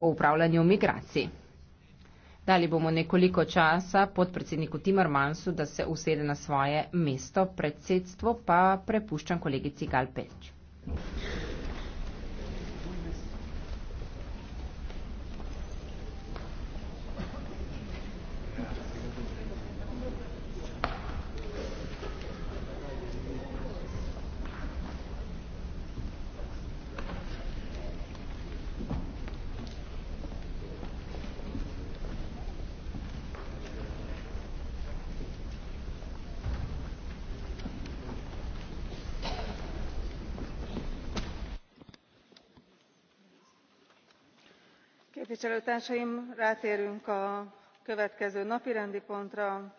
o upravljanju migracij. Dali bomo nekoliko časa podpredsedniku Timrmansu, da se usede na svoje mesto, predsedstvo pa prepuščam kolegici Galpeč. képviselőtársaim rátérünk a következő napirendi pontra.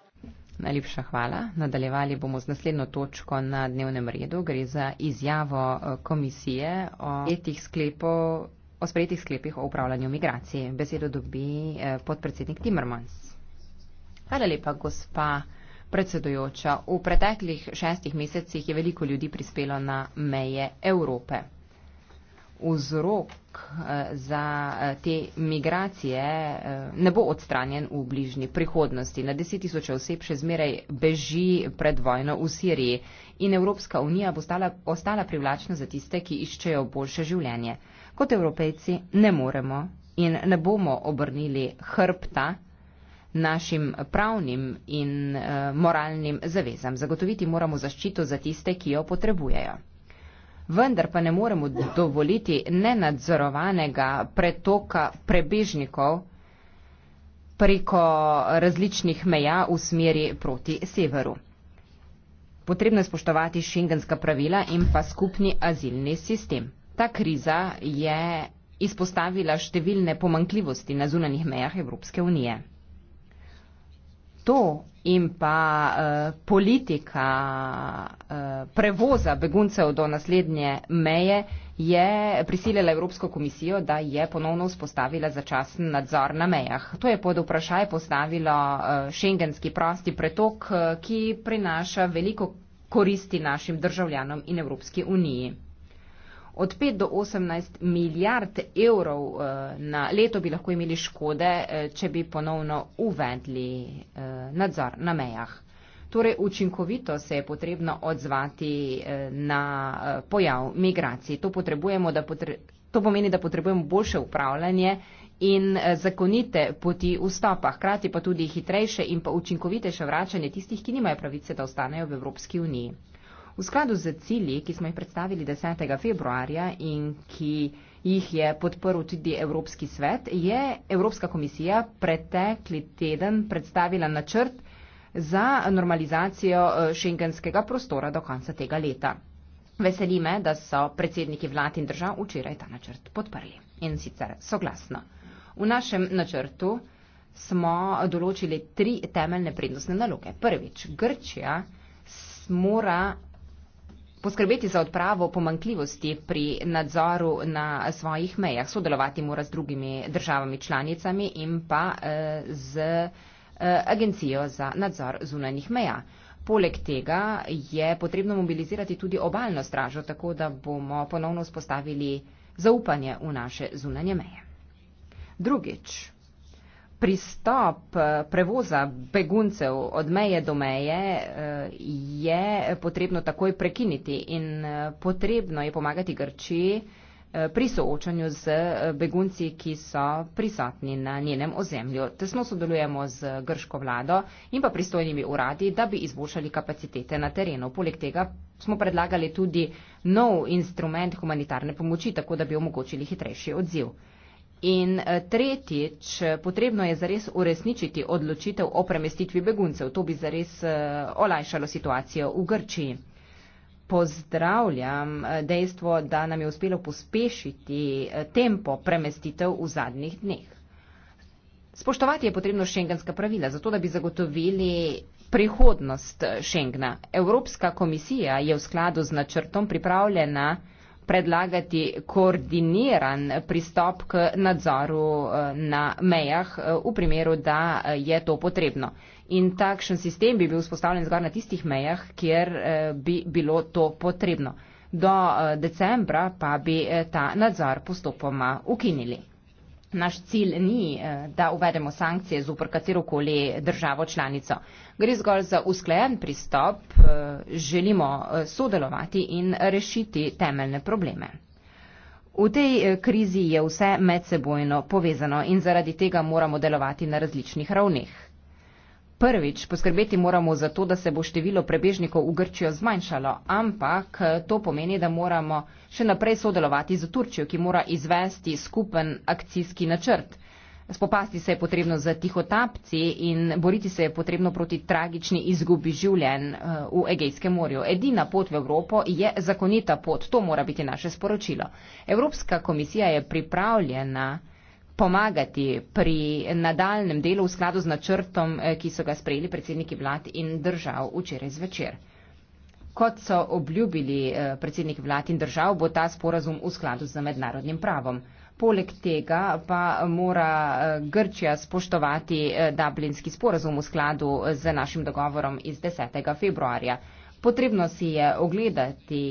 Najlepša hvala. Nadaljevali bomo z naslednjo točko na dnevnem redu. Gre za izjavo eh, komisije o etih sklepov o sprejetih sklepih o upravljanju migracije. Besedo dobi eh, podpredsednik Timmermans. Hvala lepa, gospa predsedujoča. V preteklih šestih mesecih je veliko ljudi prispelo na meje Evrope vzrok eh, za eh, te migracije eh, ne bo odstranjen v bližnji prihodnosti. Na deset tisoč oseb še zmeraj beži pred vojno v Siriji in Evropska unija bo stala, ostala privlačna za tiste, ki iščejo boljše življenje. Kot evropejci ne moremo in ne bomo obrnili hrbta našim pravnim in moralnim zavezam. Zagotoviti moramo zaščito za tiste, ki jo potrebujejo vendar pa ne moremo dovoliti nenadzorovanega pretoka prebežnikov preko različnih meja v smeri proti severu. Potrebno je spoštovati šengenska pravila in pa skupni azilni sistem. Ta kriza je izpostavila številne pomankljivosti na zunanjih mejah Evropske unije to in pa eh, politika eh, prevoza beguncev do naslednje meje je prisilila Evropsko komisijo, da je ponovno vzpostavila začasen nadzor na mejah. To je pod vprašaj postavilo eh, šengenski prosti pretok, eh, ki prinaša veliko koristi našim državljanom in Evropski uniji od 5 do 18 milijard evrov eh, na leto bi lahko imeli škode, eh, če bi ponovno uvedli eh, nadzor na mejah. Torej, učinkovito se je potrebno odzvati na pojav migracij. To, potrebujemo, da potre, to pomeni, da potrebujemo boljše upravljanje in zakonite poti vstopa, hkrati pa tudi hitrejše in pa učinkovitejše vračanje tistih, ki nimajo pravice, da ostanejo v Evropski uniji. V skladu z cilji, ki smo jih predstavili 10. februarja in ki jih je podprl tudi Evropski svet, je Evropska komisija pretekli teden predstavila načrt za normalizacijo eh, šengenskega prostora do konca tega leta. Veseli me, da so predsedniki vlad in držav včeraj ta načrt podprli in sicer soglasno. V našem načrtu smo določili tri temeljne prednostne naloge. Prvič, Grčija mora poskrbeti za odpravo pomankljivosti pri nadzoru na svojih mejah, sodelovati mora z drugimi državami članicami in pa eh, z eh, agencijo za nadzor zunanjih meja. Poleg tega je potrebno mobilizirati tudi obaljno stražo, tako da bomo ponovno vzpostavili zaupanje v naše zunanje meje. Drugič pristop eh, prevoza beguncev od meje do meje eh, je potrebno takoj prekiniti in eh, potrebno je pomagati Grčiji pri soočanju z begunci, ki so prisotni na njenem ozemlju. Tesno sodelujemo z grško vlado in pa pristojnimi uradi, da bi izboljšali kapacitete na terenu. Poleg tega smo predlagali tudi nov instrument humanitarne pomoči, tako da bi omogočili hitrejši odziv. In eh, tretjič, potrebno je zares uresničiti odločitev o premestitvi beguncev. To bi zares eh, olajšalo situacijo v Grčiji. Pozdravljam eh, dejstvo, da nam je uspelo pospešiti tempo premestitev v zadnjih dneh. Spoštovati je potrebno šengenska pravila, zato da bi zagotovili prihodnost Šengna. Evropska komisija je v skladu z načrtom pripravljena predlagati koordiniran pristop k nadzoru eh, na mejah eh, v primeru, da eh, je to potrebno. In takšen sistem bi bil vzpostavljen zgolj na tistih mejah, kjer bi bilo to potrebno. Do decembra pa bi ta nadzor postopoma ukinili. Naš cilj ni, eh, da uvedemo sankcije zupr katero koli državo članico. Gre zgolj za usklajen pristop, eh, želimo eh, sodelovati in rešiti temeljne probleme. V tej krizi je vse medsebojno povezano in zaradi tega moramo delovati na različnih ravneh. Prvič, poskrbeti moramo za to, da se bo število prebežnikov v Grčijo zmanjšalo, ampak to pomeni, da moramo še naprej sodelovati z Turčijo, ki mora izvesti skupen akcijski načrt. Spopasti se je potrebno z tihotapci in boriti se je potrebno proti tragični izgubi življenj eh, v Egejskem morju. Edina pot v Evropo je zakonita pot, to mora biti naše sporočilo. Evropska komisija je pripravljena pomagati pri nadaljem delu v skladu z načrtom, eh, ki so ga sprejeli predsedniki vlad in držav včeraj zvečer. Kot so obljubili eh, predsednik vlad in držav, bo ta sporazum v skladu z mednarodnim pravom. Poleg tega pa mora eh, Grčija spoštovati Dublinski sporazum v skladu z našim dogovorom iz 10. februarja. Potrebno si je ogledati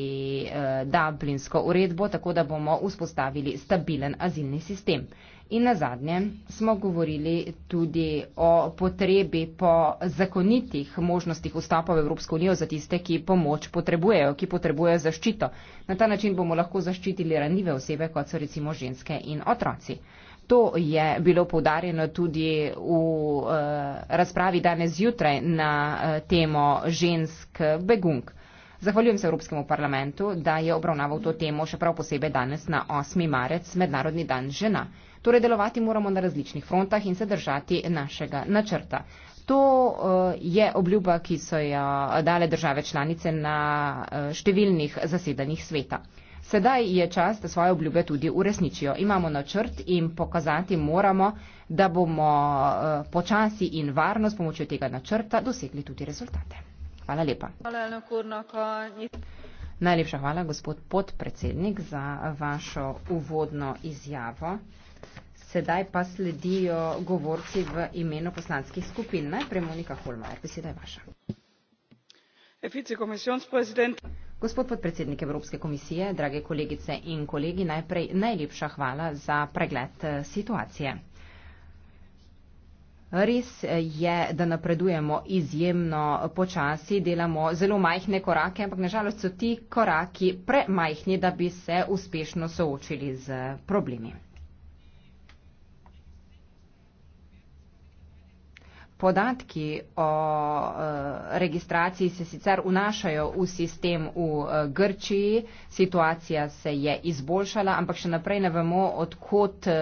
Dublinsko uredbo, tako da bomo vzpostavili stabilen azilni sistem. In na zadnje smo govorili tudi o potrebi po zakonitih možnostih vstopa v Evropsko unijo za tiste, ki pomoč potrebujejo, ki potrebujejo zaščito. Na ta način bomo lahko zaščitili ranljive osebe, kot so recimo ženske in otroci. To je bilo povdarjeno tudi v uh, razpravi danes zjutraj na uh, temo žensk begunk. Zahvaljujem se Evropskemu parlamentu, da je obravnaval to temo še prav posebej danes na 8. marec, Mednarodni dan žena. Torej, delovati moramo na različnih frontah in se držati našega načrta. To eh, je obljuba, ki so jo eh, dale države članice na eh, številnih zasedanjih sveta. Sedaj je čas, da svoje obljube tudi uresničijo. Imamo načrt in pokazati moramo, da bomo počasi in varno s pomočjo tega načrta dosegli tudi rezultate. Hvala lepa. Najlepša hvala, gospod podpredsednik, za vašo uvodno izjavo. Sedaj pa sledijo govorci v imenu poslanskih skupin. Najprej Monika Holmajer, beseda je vaša. Gospod podpredsednik Evropske komisije, drage kolegice in kolegi, najprej najlepša hvala za pregled eh, situacije. Res eh, je, da napredujemo izjemno počasi, delamo zelo majhne korake, ampak nažalost so ti koraki premajhni, da bi se uspešno soočili z problemi. Podatki o e, registraciji se sicer unašajo v sistem v e, Grčiji, situacija se je izboljšala, ampak še naprej ne vemo, odkot e,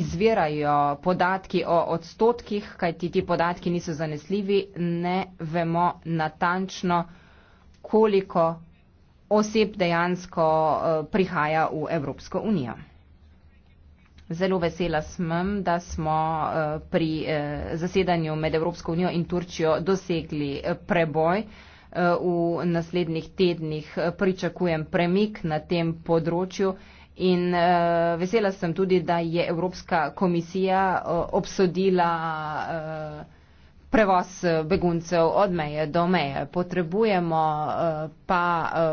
izvirajo podatki o odstotkih, kajti ti podatki niso zanesljivi, ne vemo natančno, koliko oseb dejansko prihaja v Evropsko unijo. Zelo vesela sem, da smo eh, pri eh, zasedanju med Evropsko unijo in Turčijo dosegli eh, preboj. V naslednjih tednih pričakujem premik na tem področju in vesela sem tudi, da je Evropska komisija obsodila prevoz beguncev od meje do meje. Potrebujemo pa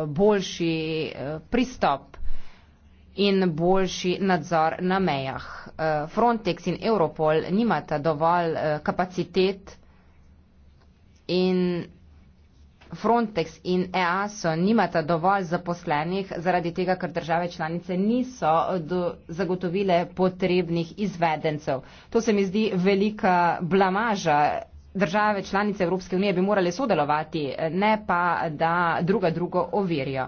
boljši pristop in boljši nadzor na mejah. Eh, Frontex in Europol nimata dovolj eh, kapacitet in Frontex in EASO nimata dovolj zaposlenih zaradi tega, ker države članice niso eh, zagotovile potrebnih izvedencev. To se mi zdi velika blamaža. Države članice Evropske unije bi morali sodelovati, ne pa da druga drugo overijo.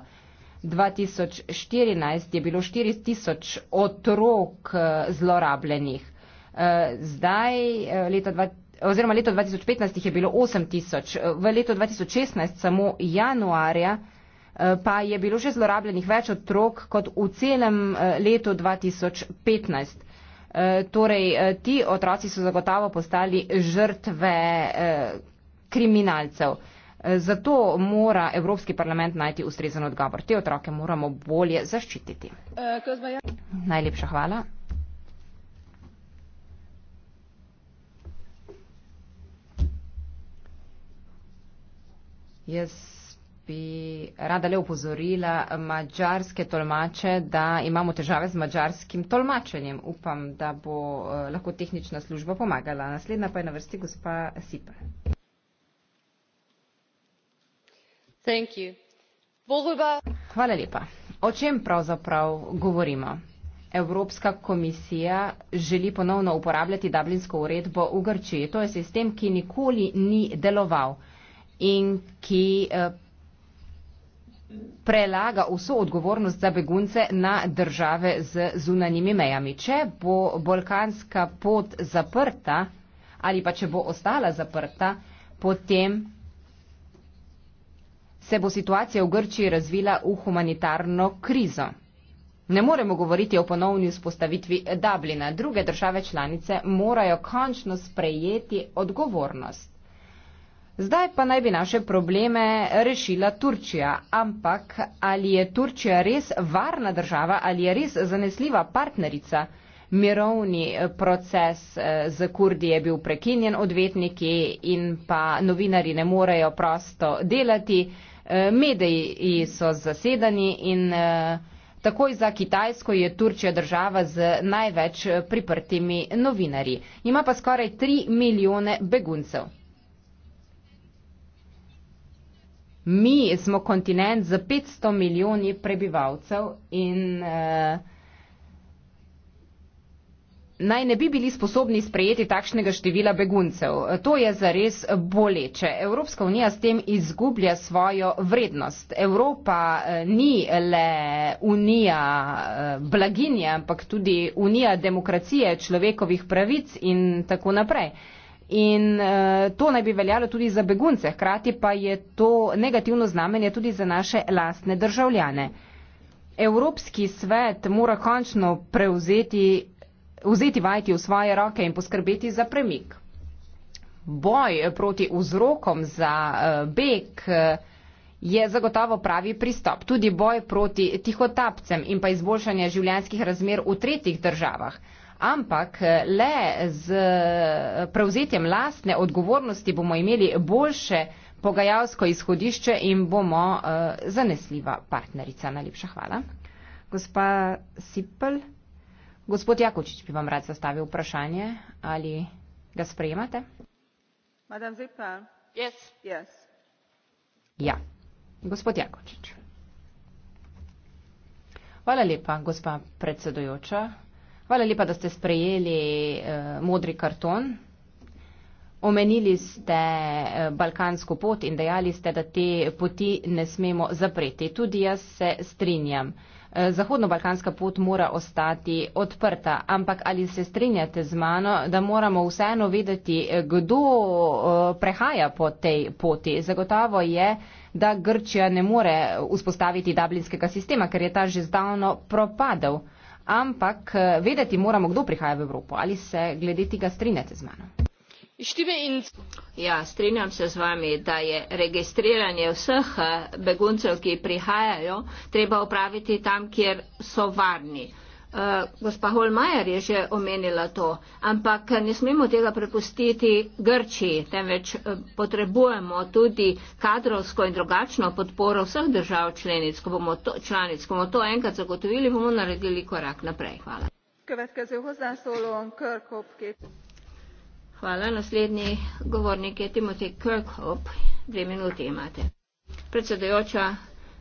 2014 je bilo 4000 otrok eh, zlorabljenih. Eh, zdaj, eh, leta, oziroma leto 2015 jih je bilo 8000, v leto 2016 samo januarja pa je bilo že zlorabljenih več otrok kot v celem letu 2015. Torej, ti otroci so zagotovo postali žrtve kriminalcev. Zato mora Evropski parlament najti ustrezen odgovor. Te otroke moramo bolje zaščititi. Najlepša hvala. Jaz bi rada le upozorila mađarske tolmače, da imamo težave z mađarskim tolmačenjem. Upam, da bo eh, lahko tehnična služba pomagala. Naslednja pa je na vrsti gospa Sipa. Hvala lepa. O čem pravzaprav govorimo? Evropska komisija želi ponovno uporabljati Dublinsko uredbo v Grčiji. To je sistem, ki nikoli ni deloval in ki eh, prelaga vso odgovornost za begunce na države z zunanimi mejami. Če bo balkanska pot zaprta ali pa če bo ostala zaprta, potem se bo situacija v Grčiji razvila v humanitarno krizo. Ne moremo govoriti o ponovni vzpostavitvi Dublina. Druge države članice morajo končno sprejeti odgovornost. Zdaj pa naj bi naše probleme rešila Turčija. Ampak ali je Turčija res varna država ali je res zanesljiva partnerica? Mirovni eh, proces eh, z Kurdi je bil prekinjen, odvetniki in pa novinari ne morejo prosto delati. Eh, Mediji so zasedani in eh, takoj za Kitajsko je Turčija država z največ eh, priprtimi novinarji. Ima pa skoraj 3 milijone beguncev. Mi smo kontinent z 500 milijoni prebivalcev in uh, naj ne bi bili sposobni sprejeti takšnega števila beguncev. To je zares boleče. Evropska unija s tem izgublja svojo vrednost. Evropa eh, ni le unija eh, blaginje, ampak tudi unija demokracije, človekovih pravic in tako naprej. In eh, to naj bi veljalo tudi za begunce, hkrati pa je to negativno znamenje tudi za naše lastne državljane. Evropski svet mora končno prevzeti vzeti vajeti v svoje roke in poskrbeti za premik. Boj eh, proti vzrokom za eh, beg eh, je zagotovo pravi pristop. Tudi boj proti tihotapcem in pa izboljšanje življenjskih razmer v tretjih državah. Ampak le z prevzetjem lastne odgovornosti bomo imeli boljše pogajalsko izhodišče in bomo zanesljiva partnerica. Najlepša hvala. Gospa Sipel. Gospod Jakočič bi vam rad zastavil vprašanje. Ali ga sprejemate? Yes. Yes. Ja. Gospod Jakočič. Hvala lepa, gospa predsedujoča. Hvala lepa, da ste sprejeli eh, modri karton. Omenili ste eh, balkansko pot in dejali ste, da te poti ne smemo zapreti. Tudi jaz se strinjam. Zahodno-Balkanska pot mora ostati odprta. Ampak ali se strinjate z mano, da moramo vseeno vedeti, kdo eh, prehaja po tej poti? Zagotovo je, da Grčija ne more vzpostaviti dublinskega sistema, ker je ta že zdavno propadel. Ampak eh, vedeti moramo, kdo prihaja v Evropo. Ali se glede tega strinjate z mano? ja strinjam se z vami da je registriranje vseh eh, beguncev ki prihajajo treba opraviti tam kjer so varni Uh, gospa Holmajer je že omenila to, ampak eh, ne smemo tega prepustiti Grčiji, temveč potrebujemo tudi kadrovsko in drugačno podporo vseh držav členic. Ko bomo to, članic, ko bomo to enkrat zagotovili, bomo naredili korak naprej. Hvala. Hvala. Naslednji govornik je Timothy Kirkhope. Dve minuti imate. Predsedujoča,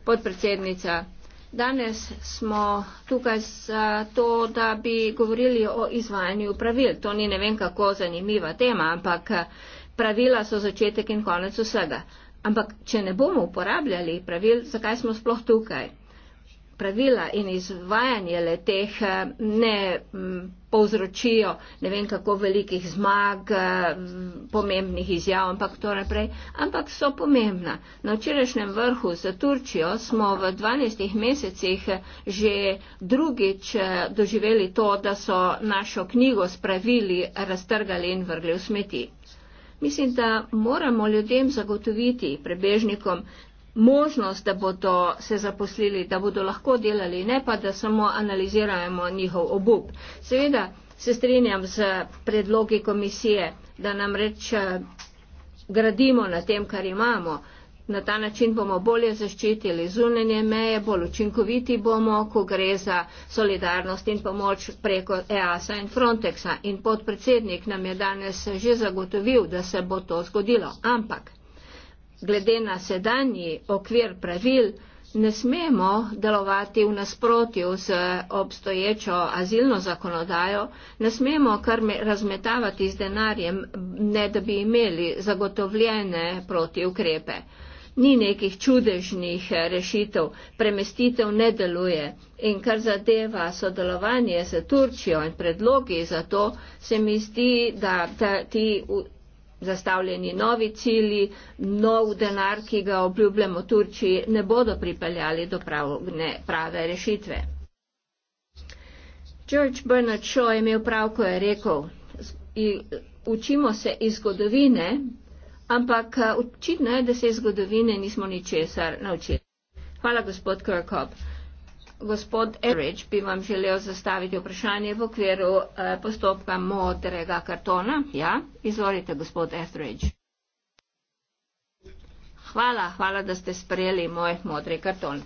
podpredsednica, danes smo tukaj za to, da bi govorili o izvajanju pravil. To ni ne vem kako zanimiva tema, ampak pravila so začetek in konec vsega. Ampak, če ne bomo uporabljali pravil, zakaj smo sploh tukaj? pravila in izvajanje le teh eh, ne mm, povzročijo ne vem kako velikih zmag, eh, pomembnih izjav, ampak to naprej, ampak so pomembna. Na včerajšnjem vrhu za Turčijo smo v 12 mesecih eh, že drugič doživeli to, da so našo knjigo spravili, raztrgali in vrgli v smeti. Mislim, da moramo ljudem zagotoviti, prebežnikom, možnost, da bodo se zaposlili, da bodo lahko delali, ne pa, da samo analiziramo njihov obup. Seveda se strinjam z predlogi komisije, da nam reč eh, gradimo na tem, kar imamo. Na ta način bomo bolje zaščitili zunanje meje, bolj učinkoviti bomo, ko gre za solidarnost in pomoč preko EASA in Frontexa. In podpredsednik nam je danes že zagotovil, da se bo to zgodilo. Ampak glede na sedanji okvir pravil, ne smemo delovati v nasprotju z obstoječo azilno zakonodajo, ne smemo kar razmetavati z denarjem, ne da bi imeli zagotovljene protiukrepe. Ni nekih čudežnih rešitev, premestitev ne deluje in kar zadeva sodelovanje z Turčijo in predlogi za to, se mi zdi, da ti zastavljeni novi cili, nov denar, ki ga obljubljamo Turčiji, ne bodo pripeljali do pravne, prave rešitve. George Bernard Shaw je imel prav, ko je rekel, učimo se iz zgodovine, ampak očitno je, da se iz zgodovine nismo ničesar naučili. Hvala, gospod Kirkhope gospod Erič, bi vam želel zastaviti vprašanje v okviru eh, postopka modrega kartona. Ja, izvolite, gospod Erič. Hvala, hvala, da ste sprejeli moj modri karton.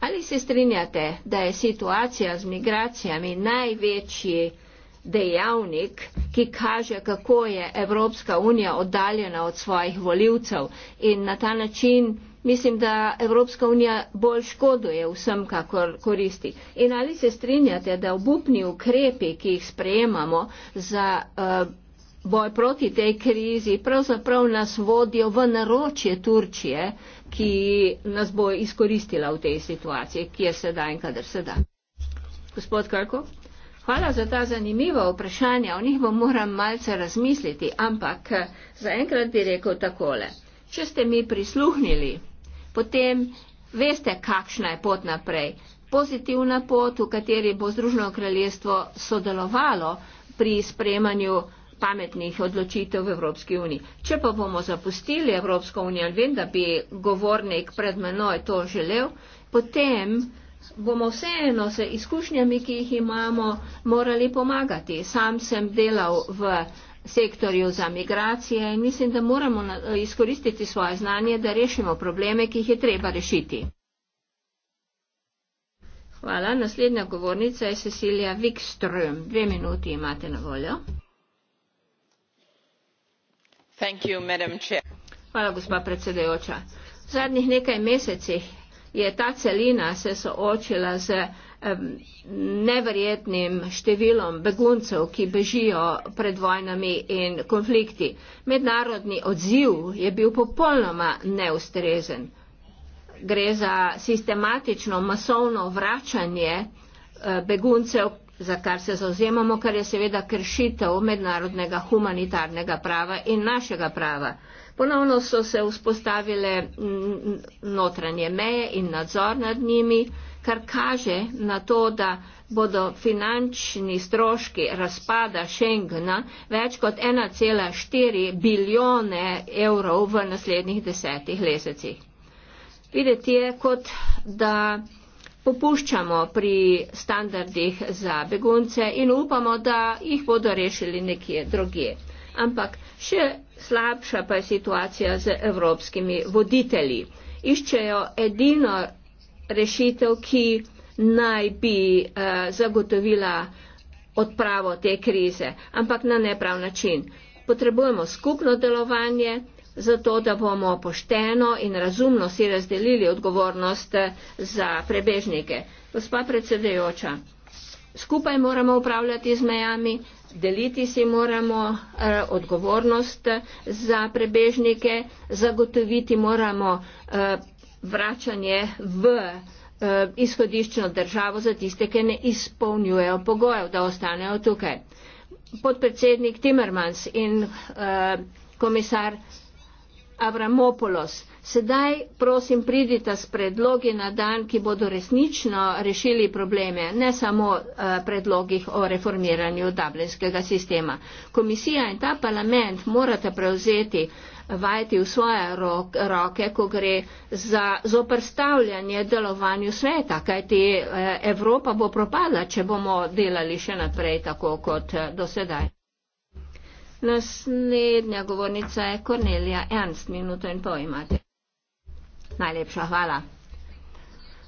Ali se strinjate, da je situacija z migracijami največji dejavnik, ki kaže, kako je Evropska unija oddaljena od svojih voljivcev in na ta način mislim, da Evropska unija bolj škoduje vsem, kakor koristi. In ali se strinjate, da obupni ukrepi, ki jih sprejemamo za uh, boj proti tej krizi, pravzaprav nas vodijo v naročje Turčije, ki nas bo izkoristila v tej situaciji, kje se da in kadar se da. Gospod Krko, hvala za ta zanimiva vprašanja, o njih bom moram malce razmisliti, ampak eh, zaenkrat bi rekel takole. Če ste mi prisluhnili, potem veste, kakšna je pot naprej. Pozitivna pot, v kateri bo Združeno kraljestvo sodelovalo pri sprejemanju pametnih odločitev v Evropski uniji. Če pa bomo zapustili Evropsko unijo, vem, da bi govornik pred menoj to želel, potem bomo vseeno se izkušnjami, ki jih imamo, morali pomagati. Sam sem delal v sektorju za migracije in mislim, da moramo eh, izkoristiti svoje znanje, da rešimo probleme, ki jih je treba rešiti. Hvala. Naslednja govornica je Cecilija Wikström. Dve minuti imate na voljo. Thank you, Hvala, gospa predsedajoča. V zadnjih nekaj mesecih je ta celina se soočila z neverjetnim številom beguncev, ki bežijo pred vojnami in konflikti. Mednarodni odziv je bil popolnoma neustrezen. Gre za sistematično masovno vračanje eh, beguncev, za kar se zauzemamo, kar je seveda kršitev mednarodnega humanitarnega prava in našega prava. Ponovno so se vzpostavile mm, notranje meje in nadzor nad njimi kar kaže na to, da bodo finančni stroški razpada Schengena več kot 1,4 bilijone evrov v naslednjih desetih mesecih. Videti je kot, da popuščamo pri standardih za begunce in upamo, da jih bodo rešili nekje drugje. Ampak še slabša pa je situacija z evropskimi voditelji. Iščejo edino rešitev, ki naj bi eh, zagotovila odpravo te krize, ampak na neprav način. Potrebujemo skupno delovanje, zato da bomo pošteno in razumno si razdelili odgovornost eh, za prebežnike. Gospa predsedajoča, skupaj moramo upravljati z mejami, deliti si moramo eh, odgovornost eh, za prebežnike, zagotoviti moramo. Eh, vračanje v eh, izhodiščno državo za tiste, ki ne izpolnjujejo pogojev, da ostanejo tukaj. Podpredsednik Timmermans in eh, komisar Avramopoulos, sedaj prosim pridite s predlogi na dan, ki bodo resnično rešili probleme, ne samo eh, predlogih o reformiranju dublinskega sistema. Komisija in ta parlament morata prevzeti vajeti v svoje roke, ko gre za zoprstavljanje delovanju sveta, kajti eh, Evropa bo propadla, če bomo delali še naprej tako kot eh, do sedaj. Naslednja govornica je Kornelija Ernst, minuto in pol imate. Najlepša hvala.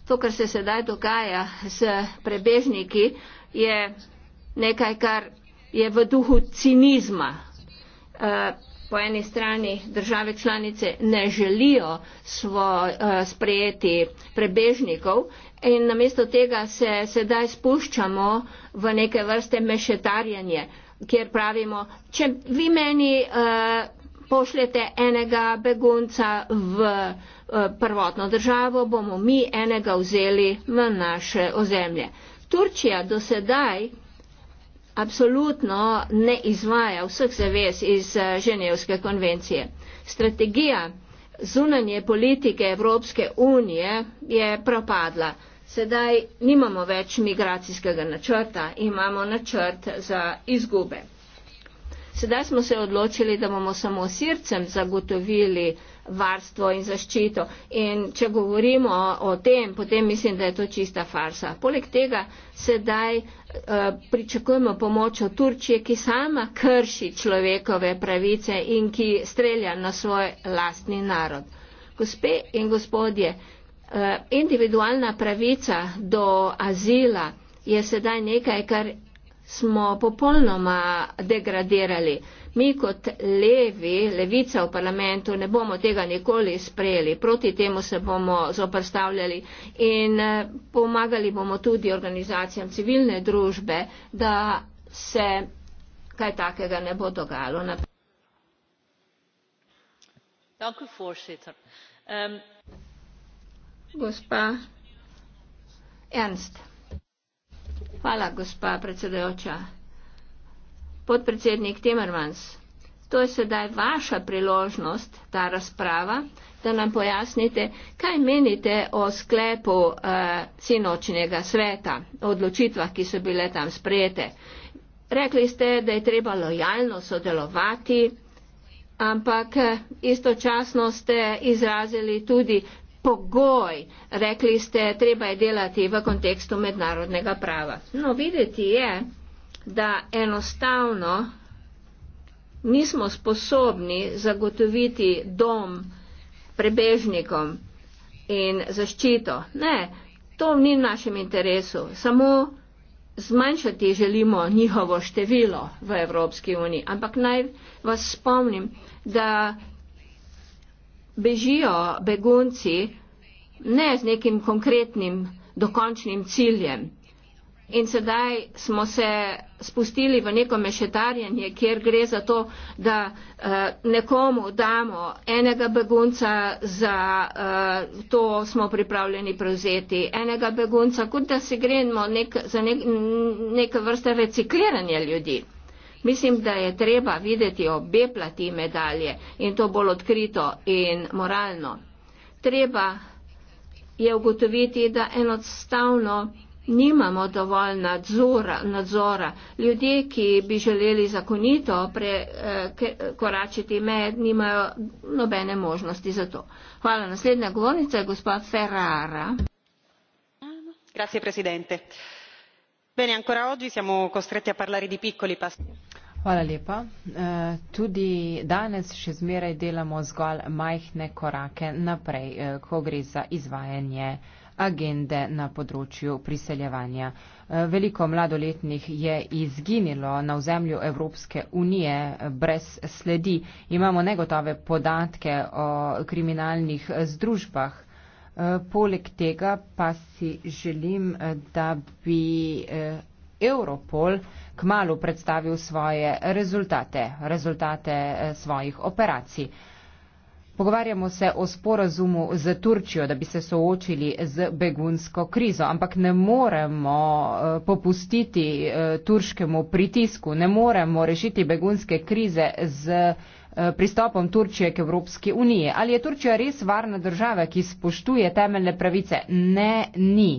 To, kar se sedaj dogaja s prebežniki, je nekaj, kar je v duhu cinizma. Eh, po eni strani države članice ne želijo svoj, uh, eh, sprejeti prebežnikov in namesto tega se sedaj spuščamo v neke vrste mešetarjanje, kjer pravimo, če vi meni uh, pošljete enega begunca v uh, prvotno državo, bomo mi enega vzeli v naše ozemlje. Turčija do sedaj absolutno ne izvaja vseh zavez iz eh, Ženevske konvencije. Strategija zunanje politike Evropske unije je propadla. Sedaj nimamo več migracijskega načrta, imamo načrt za izgube. Sedaj smo se odločili, da bomo samo sircem zagotovili varstvo in zaščito. In če govorimo o, o tem, potem mislim, da je to čista farsa. Poleg tega sedaj uh, pričakujemo pomoč od Turčije, ki sama krši človekove pravice in ki strelja na svoj lastni narod. Gospe in gospodje, uh, individualna pravica do azila je sedaj nekaj, kar smo popolnoma degradirali. Uh, Mi kot levi, levica v parlamentu, ne bomo tega nikoli sprejeli. Proti temu se bomo zoprstavljali in eh, pomagali bomo tudi organizacijam civilne družbe, da se kaj takega ne bo dogajalo. Ehm, gospa Ernst. Hvala, gospa predsedujoča. Podpredsednik Timmermans, to je sedaj vaša priložnost, ta razprava, da nam pojasnite, kaj menite o sklepu uh, eh, sinočnega sveta, o odločitvah, ki so bile tam sprejete. Rekli ste, da je treba lojalno sodelovati, ampak eh, istočasno ste izrazili tudi pogoj. Rekli ste, treba je delati v kontekstu mednarodnega prava. No, videti je, da enostavno nismo sposobni zagotoviti dom prebežnikom in zaščito. Ne, to ni v našem interesu. Samo zmanjšati želimo njihovo število v Evropski uniji. Ampak naj vas spomnim, da bežijo begunci ne z nekim konkretnim dokončnim ciljem. In sedaj smo se spustili v neko mešetarjenje, kjer gre za to, da eh, nekomu damo enega begunca, za eh, to smo pripravljeni prevzeti enega begunca, kot da se gremo nek, za nek, neke vrste recikliranja ljudi. Mislim, da je treba videti obe plati medalje in to bolj odkrito in moralno. Treba je ugotoviti, da enostavno nimamo dovolj nadzora, nadzora. Ljudje, ki bi želeli zakonito prekoračiti eh, meje, nimajo nobene možnosti za to. Hvala. Naslednja govornica je gospa Ferrara. Grazie, predsednice. Bene, ancora oggi siamo costretti a parlare di piccoli passi. Hvala lepa. Eh, tudi danes še zmeraj delamo zgolj majhne korake naprej, eh, ko gre za izvajanje agende na področju priseljevanja. Eh, veliko mladoletnih je izginilo na ozemlju Evropske unije brez sledi. Imamo negotove podatke o kriminalnih združbah. Eh, poleg tega pa si želim, eh, da bi Europol kmalo predstavil svoje rezultate, rezultate svojih operacij. Pogovarjamo se o sporazumu z Turčijo, da bi se soočili z begunsko krizo, ampak ne moremo eh, popustiti eh, turškemu pritisku, ne moremo rešiti begunske krize z eh, pristopom Turčije k Evropski uniji. Ali je Turčija res varna država, ki spoštuje temeljne pravice? Ne, ni.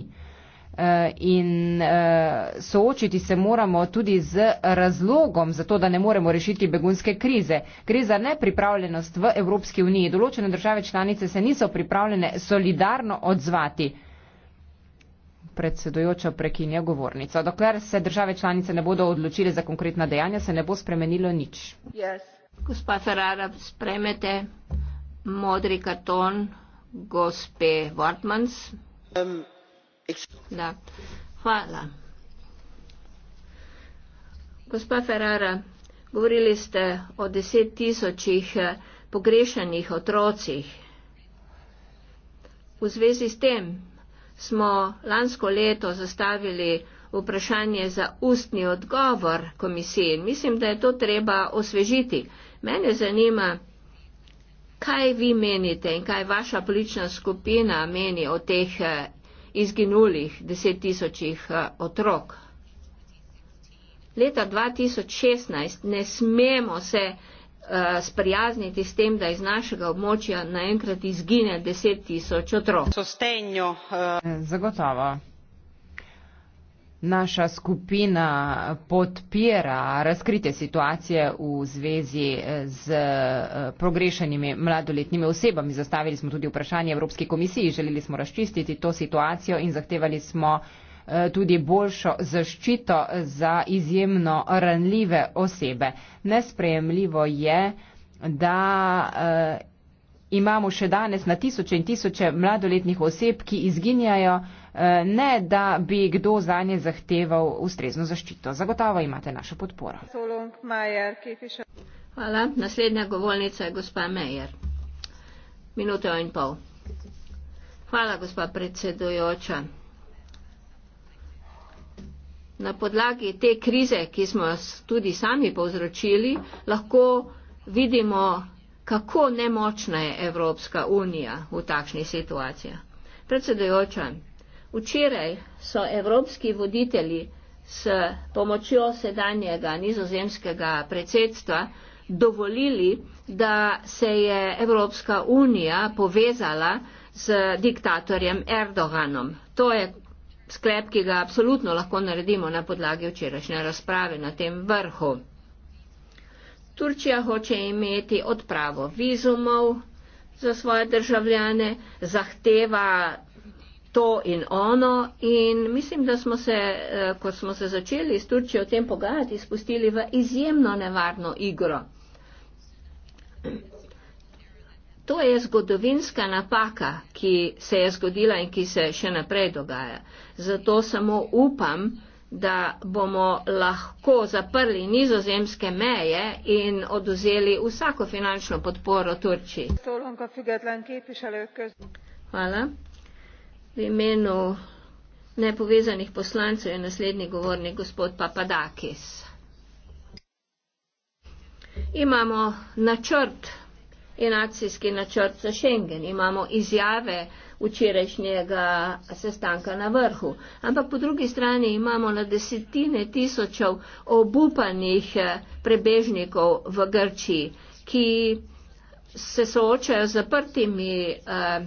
Eh, in eh, soočiti se moramo tudi z razlogom za to, da ne moremo rešiti begunske krize. Gre za nepripravljenost v Evropski uniji. Določene države članice se niso pripravljene solidarno odzvati. Predsedujoča prekinja govornico. Dokler se države članice ne bodo odločile za konkretna dejanja, se ne bo spremenilo nič. Yes. Gospa Ferrara, spremete modri karton gospe Wartmans. Um. Da. Hvala. Gospa Ferrara, govorili ste o deset tisočih eh, pogrešanih otrocih. V zvezi s tem smo lansko leto zastavili vprašanje za ustni odgovor komisiji. Mislim, da je to treba osvežiti. Mene zanima, kaj vi menite in kaj vaša politična skupina meni o teh eh, izginulih deset tisočih eh, otrok. Leta 2016 ne smemo se eh, sprijazniti s tem, da iz našega območja naenkrat izgine deset tisoč otrok. Eh. Zagotovo. Naša skupina podpira razkritje situacije v zvezi eh, z eh, pogrešanimi mladoletnimi osebami. Zastavili smo tudi vprašanje Evropske komisiji, želeli smo razčistiti to situacijo in zahtevali smo eh, tudi boljšo zaščito za izjemno ranljive osebe. Nesprejemljivo je, da imamo še danes na tisoče in tisoče mladoletnih oseb, ki izginjajo, eh, ne da bi kdo za nje zahteval ustrezno zaščito. Zagotovo imate našo podporo. Hvala. Naslednja govornica je gospa Mejer. Minuto in pol. Hvala, gospa predsedujoča. Na podlagi te krize, ki smo jo tudi sami povzročili, lahko vidimo kako nemočna je Evropska unija v takšni situaciji. Predsedujoča, včeraj so evropski voditelji s pomočjo sedanjega nizozemskega predsedstva dovolili, da se je Evropska unija povezala z diktatorjem Erdoganom. To je sklep, ki ga absolutno lahko naredimo na podlagi včerajšnje razprave na tem vrhu. Turčija hoče imeti odpravo vizumov za svoje državljane, zahteva to in ono in mislim, da smo se, eh, ko smo se začeli s Turčijo o tem pogajati, spustili v izjemno nevarno igro. To je zgodovinska napaka, ki se je zgodila in ki se še naprej dogaja. Zato samo upam, da bomo lahko zaprli nizozemske meje in oduzeli vsako finančno podporo Turčiji. Hvala. V imenu nepovezanih poslancev je naslednji govornik gospod Papadakis. Imamo načrt, inacijski načrt za Schengen, imamo izjave, včerajšnjega sestanka na vrhu. Ampak po drugi strani imamo na desetine tisočev obupanih eh, prebežnikov v Grčiji, ki se soočajo z zaprtimi, eh,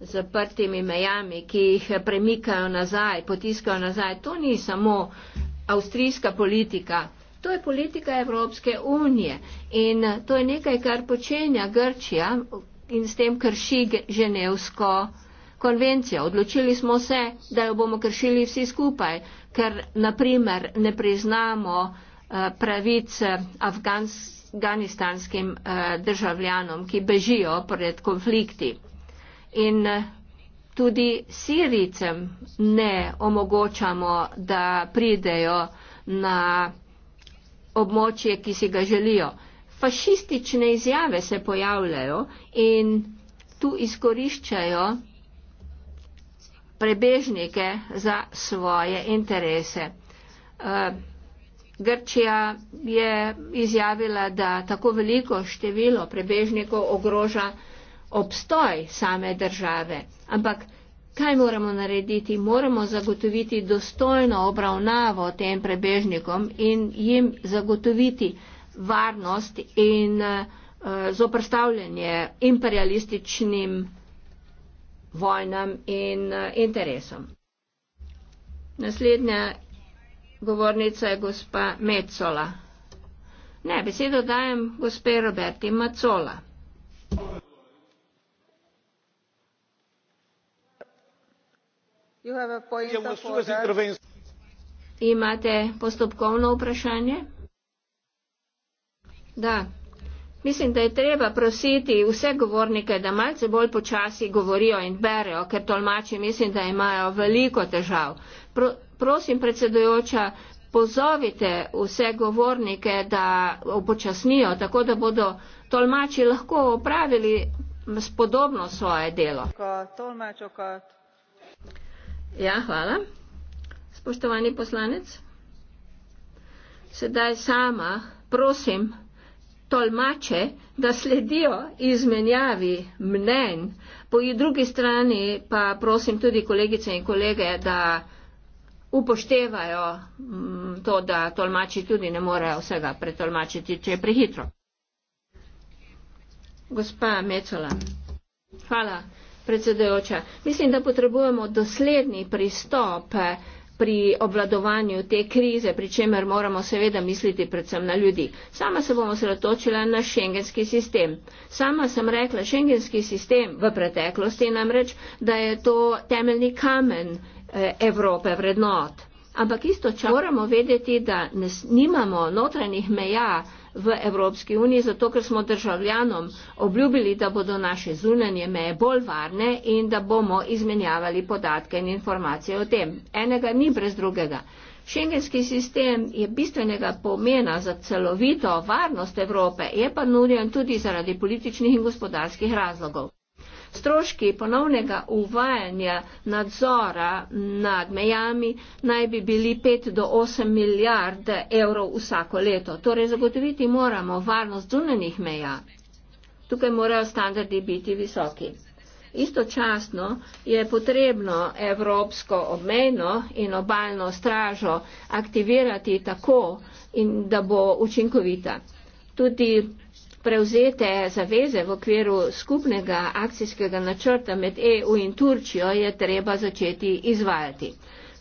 zaprtimi mejami, ki jih premikajo nazaj, potiskajo nazaj. To ni samo avstrijska politika. To je politika Evropske unije in to je nekaj, kar počenja Grčija, in s tem krši Ženevsko konvencijo. Odločili smo se, da jo bomo kršili vsi skupaj, ker naprimer ne priznamo eh, pravic eh, afganistanskim eh, državljanom, ki bežijo pred konflikti. In tudi Siricem ne omogočamo, da pridejo na območje, ki si ga želijo fašistične izjave se pojavljajo in tu izkoriščajo prebežnike za svoje interese. Eh, Grčija je izjavila, da tako veliko število prebežnikov ogroža obstoj same države. Ampak kaj moramo narediti? Moramo zagotoviti dostojno obravnavo tem prebežnikom in jim zagotoviti, varnost in eh, zoprstavljanje imperialističnim vojnam in eh, interesom. Naslednja govornica je gospa Mecola. Ne, besedo dajem gospe Roberti Macola. Imate postopkovno vprašanje? Da. Mislim, da je treba prositi vse govornike, da malce bolj počasi govorijo in berejo, ker tolmači mislim, da imajo veliko težav. Pro, prosim, predsedujoča, pozovite vse govornike, da upočasnijo, tako da bodo tolmači lahko opravili spodobno svoje delo. Ja, hvala. Spoštovani poslanec, sedaj sama, prosim tolmače, da sledijo izmenjavi mnen, po drugi strani pa prosim tudi kolegice in kolege, da upoštevajo mm, to, da tolmači tudi ne morejo vsega pretolmačiti, če je prehitro. Gospa Mecola. Hvala, predsedujoča. Mislim, da potrebujemo dosledni pristop. Eh, pri obvladovanju te krize, pri čemer moramo seveda misliti predvsem na ljudi. Sama se bom osredotočila na šengenski sistem. Sama sem rekla, šengenski sistem v preteklosti namreč, da je to temeljni kamen eh, Evrope vrednot. Ampak istočasno moramo vedeti, da nimamo notranjih meja, v Evropski uniji, zato ker smo državljanom obljubili, da bodo naše zunanje meje bolj varne in da bomo izmenjavali podatke in informacije o tem. Enega ni brez drugega. Šengenski sistem je bistvenega pomena za celovito varnost Evrope, je pa nujen tudi zaradi političnih in gospodarskih razlogov. Stroški ponovnega uvajanja nadzora nad mejami naj bi bili 5 do 8 milijard evrov vsako leto. Torej zagotoviti moramo varnost zunanih meja. Tukaj morajo standardi biti visoki. Istočasno je potrebno evropsko obmejno in obaljno stražo aktivirati tako, in da bo učinkovita. Tudi prevzete zaveze v okviru skupnega akcijskega načrta med EU in Turčijo je treba začeti izvajati.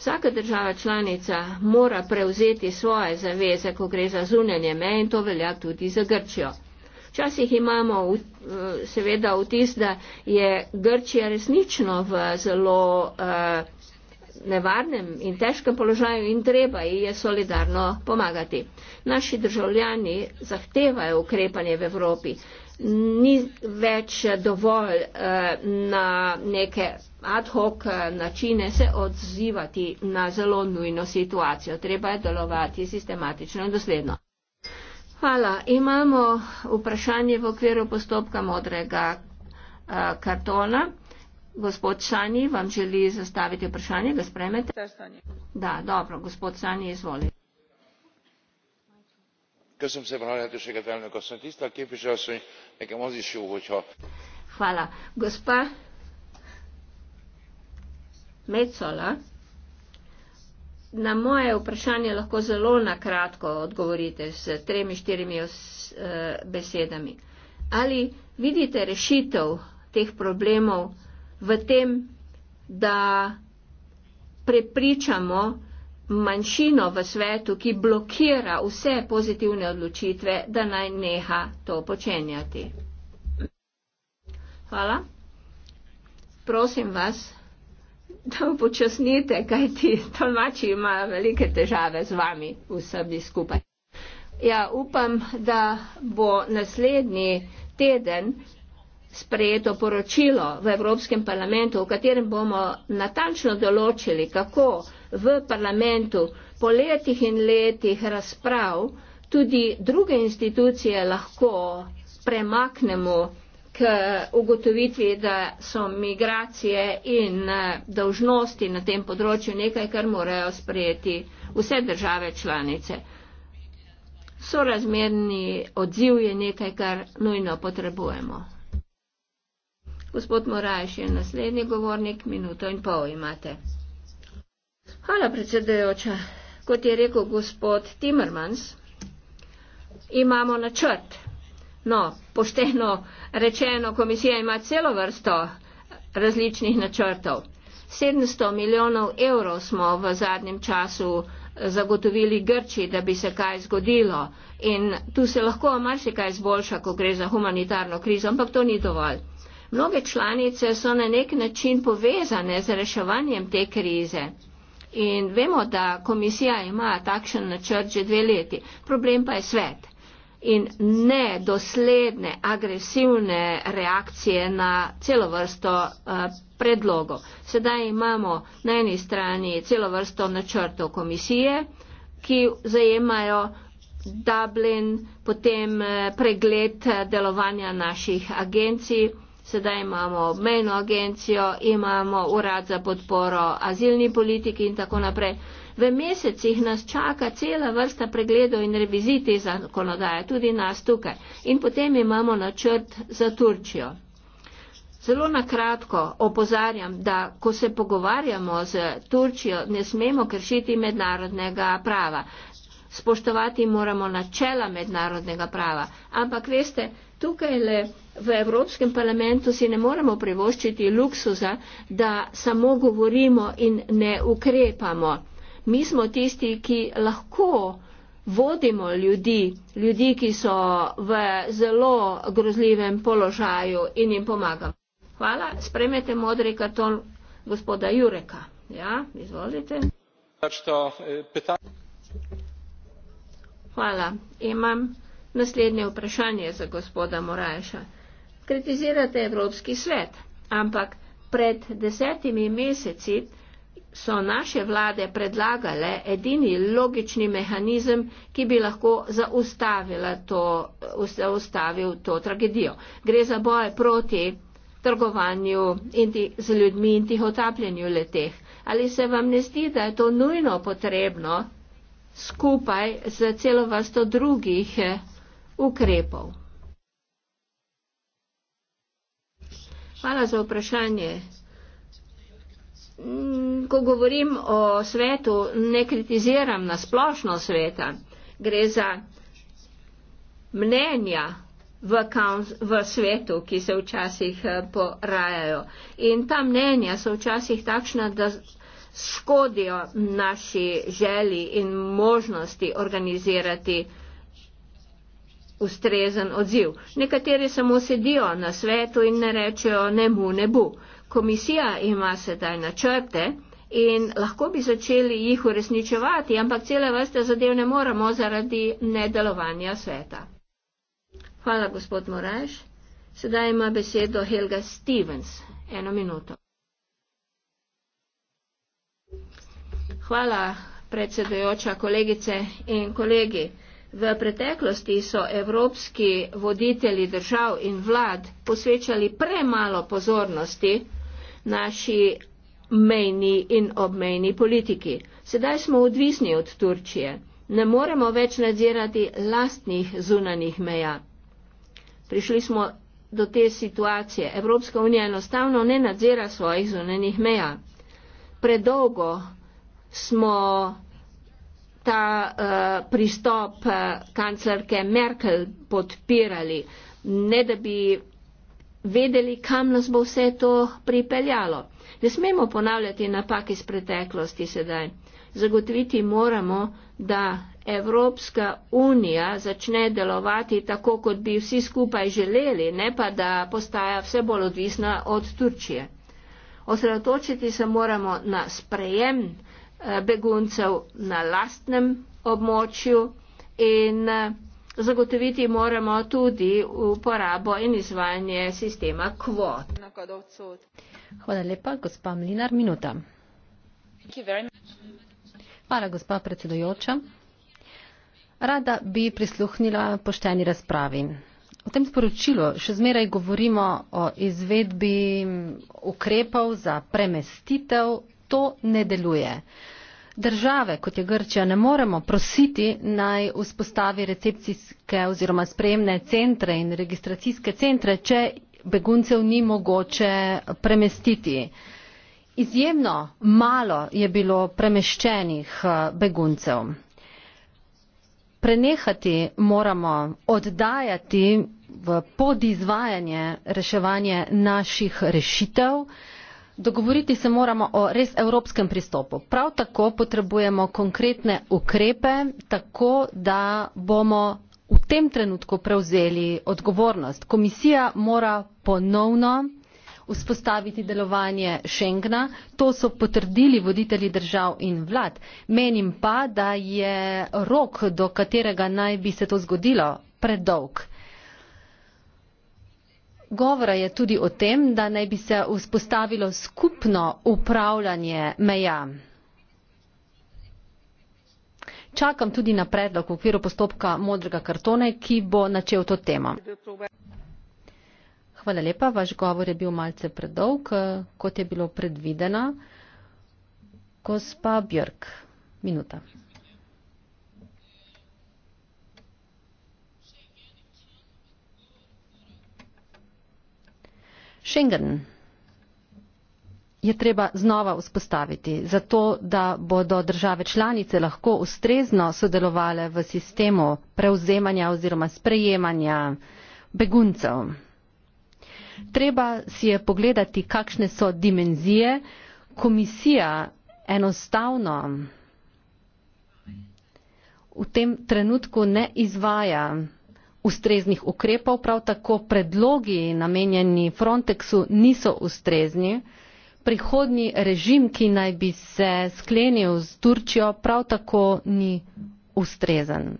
Vsaka država članica mora prevzeti svoje zaveze, ko gre za zunanje meje in to velja tudi za Grčijo. Včasih imamo eh, seveda vtis, da je Grčija resnično v zelo uh, nevarnem in težkem položaju in treba ji je solidarno pomagati. Naši državljani zahtevajo ukrepanje v Evropi. Ni več dovolj eh, na neke ad hoc eh, načine se odzivati na zelo nujno situacijo. Treba je delovati sistematično in dosledno. Hvala. Imamo vprašanje v okviru postopka modrega eh, kartona. Gospod Šani, vam želi zastaviti vprašanje, ga spremete? Da, dobro, gospod Šani, izvoli. Hvala. Gospa Mecola, na moje vprašanje lahko zelo nakratko odgovorite s tremi, štirimi os, eh, besedami. Ali vidite rešitev teh problemov? v tem, da prepričamo manjšino v svetu, ki blokira vse pozitivne odločitve, da naj neha to počenjati. Hvala. Prosim vas, da upočasnite, kaj ti tolmači imajo velike težave z vami vsemi skupaj. Ja, upam, da bo naslednji teden sprejeto poročilo v Evropskem parlamentu, v katerem bomo natančno določili, kako v parlamentu po letih in letih razprav tudi druge institucije lahko premaknemo k ugotovitvi, da so migracije in eh, dožnosti na tem področju nekaj, kar morajo sprejeti vse države članice. Sorazmerni odziv je nekaj, kar nujno potrebujemo. Gospod Morajš je naslednji govornik, minuto in pol imate. Hvala, predsedujoča. Kot je rekel gospod Timmermans, imamo načrt. No, pošteno rečeno, komisija ima celo vrsto različnih načrtov. 700 milijonov evrov smo v zadnjem času zagotovili Grči, da bi se kaj zgodilo. In tu se lahko marsikaj zboljša, ko gre za humanitarno krizo, ampak to ni dovolj. Mnoge članice so na nek način povezane z reševanjem te krize. In vemo, da komisija ima takšen načrt že dve leti. Problem pa je svet in ne dosledne, agresivne reakcije na celo vrsto uh, predlogov. Sedaj imamo na eni strani celo vrsto načrtov komisije, ki zajemajo Dublin, potem eh, pregled eh, delovanja naših agencij sedaj imamo obmejno agencijo, imamo urad za podporo azilni politiki in tako naprej. V mesecih nas čaka cela vrsta pregledov in revizij te zakonodaje, tudi nas tukaj. In potem imamo načrt za Turčijo. Zelo na kratko opozarjam, da ko se pogovarjamo z Turčijo, ne smemo kršiti mednarodnega prava. Spoštovati moramo načela mednarodnega prava. Ampak veste, tukaj le v Evropskem parlamentu si ne moremo privoščiti luksuza, da samo govorimo in ne ukrepamo. Mi smo tisti, ki lahko vodimo ljudi, ljudi, ki so v zelo grozljivem položaju in jim pomagamo. Hvala, spremete modri karton gospoda Jureka. Ja, izvolite. Eh, Hvala, imam. Naslednje vprašanje za gospoda Morajša. Kritizirate Evropski svet, ampak pred desetimi meseci so naše vlade predlagale edini logični mehanizem, ki bi lahko to, zaustavil to tragedijo. Gre za boje proti trgovanju in ti, z ljudmi in tih otapljanju leteh. Ali se vam ne zdi, da je to nujno potrebno skupaj z celo vrsto drugih eh, ukrepov. Hvala za vprašanje. Mm, ko govorim o svetu, ne kritiziram na splošno sveta. Gre za mnenja v, kaunz, v svetu, ki se včasih eh, porajajo. In ta mnenja so včasih takšna, da škodijo naši želi in možnosti organizirati ustrezen odziv. Nekateri samo sedijo na svetu in ne rečejo ne mu, ne bu. Komisija ima sedaj načrte in lahko bi začeli jih uresničevati, ampak cele vrste zadev ne moramo zaradi nedelovanja sveta. Hvala, gospod Moraš. Sedaj ima besedo Helga Stevens. Eno minuto. Hvala, predsedujoča, kolegice in kolegi. V preteklosti so evropski voditelji držav in vlad posvečali premalo pozornosti naši mejni in obmejni politiki. Sedaj smo odvisni od Turčije. Ne moremo več nadzirati lastnih zunanih meja. Prišli smo do te situacije. Evropska unija enostavno ne nadzira svojih zunanih meja. Predolgo smo ta uh, pristop uh, kanclerke Merkel podpirali, ne da bi vedeli, kam nas bo vse to pripeljalo. Ne smemo ponavljati napak iz preteklosti sedaj. Zagotoviti moramo, da Evropska unija začne delovati tako, kot bi vsi skupaj želeli, ne pa da postaja vse bolj odvisna od Turčije. Osredotočiti se moramo na sprejem, Eh, beguncev na lastnem območju in eh, zagotoviti moramo tudi uporabo in izvajanje sistema kvot. Hvala lepa, gospa Mlinar, minuta. Hvala, gospa predsedojoča. Rada bi prisluhnila pošteni razpravi. V tem sporočilu še zmeraj govorimo o izvedbi ukrepov za premestitev, to ne deluje države, kot je Grčija, ne moremo prositi naj vzpostavi recepcijske oziroma spremne centre in registracijske centre, če beguncev ni mogoče premestiti. Izjemno malo je bilo premeščenih eh, beguncev. Prenehati moramo oddajati v podizvajanje reševanje naših rešitev, dogovoriti se moramo o res evropskem pristopu. Prav tako potrebujemo konkretne ukrepe, tako da bomo v tem trenutku prevzeli odgovornost. Komisija mora ponovno vzpostaviti delovanje Schengna. To so potrdili voditelji držav in vlad. Menim pa, da je rok, do katerega naj bi se to zgodilo, predolg govora je tudi o tem, da naj bi se vzpostavilo skupno upravljanje meja. Čakam tudi na predlog v okviru postopka modrega kartone, ki bo načel to temo. Hvala lepa, vaš govor je bil malce predolg, kot je bilo predvidena. Gospa Björk, minuta. Schengen je treba znova vzpostaviti, zato da bodo države članice lahko ustrezno sodelovale v sistemu prevzemanja oziroma sprejemanja beguncev. Treba si je pogledati, kakšne so dimenzije. Komisija enostavno v tem trenutku ne izvaja ustreznih ukrepov, prav tako predlogi namenjeni Frontexu niso ustrezni. Prihodnji režim, ki naj bi se sklenil z Turčijo, prav tako ni ustrezen.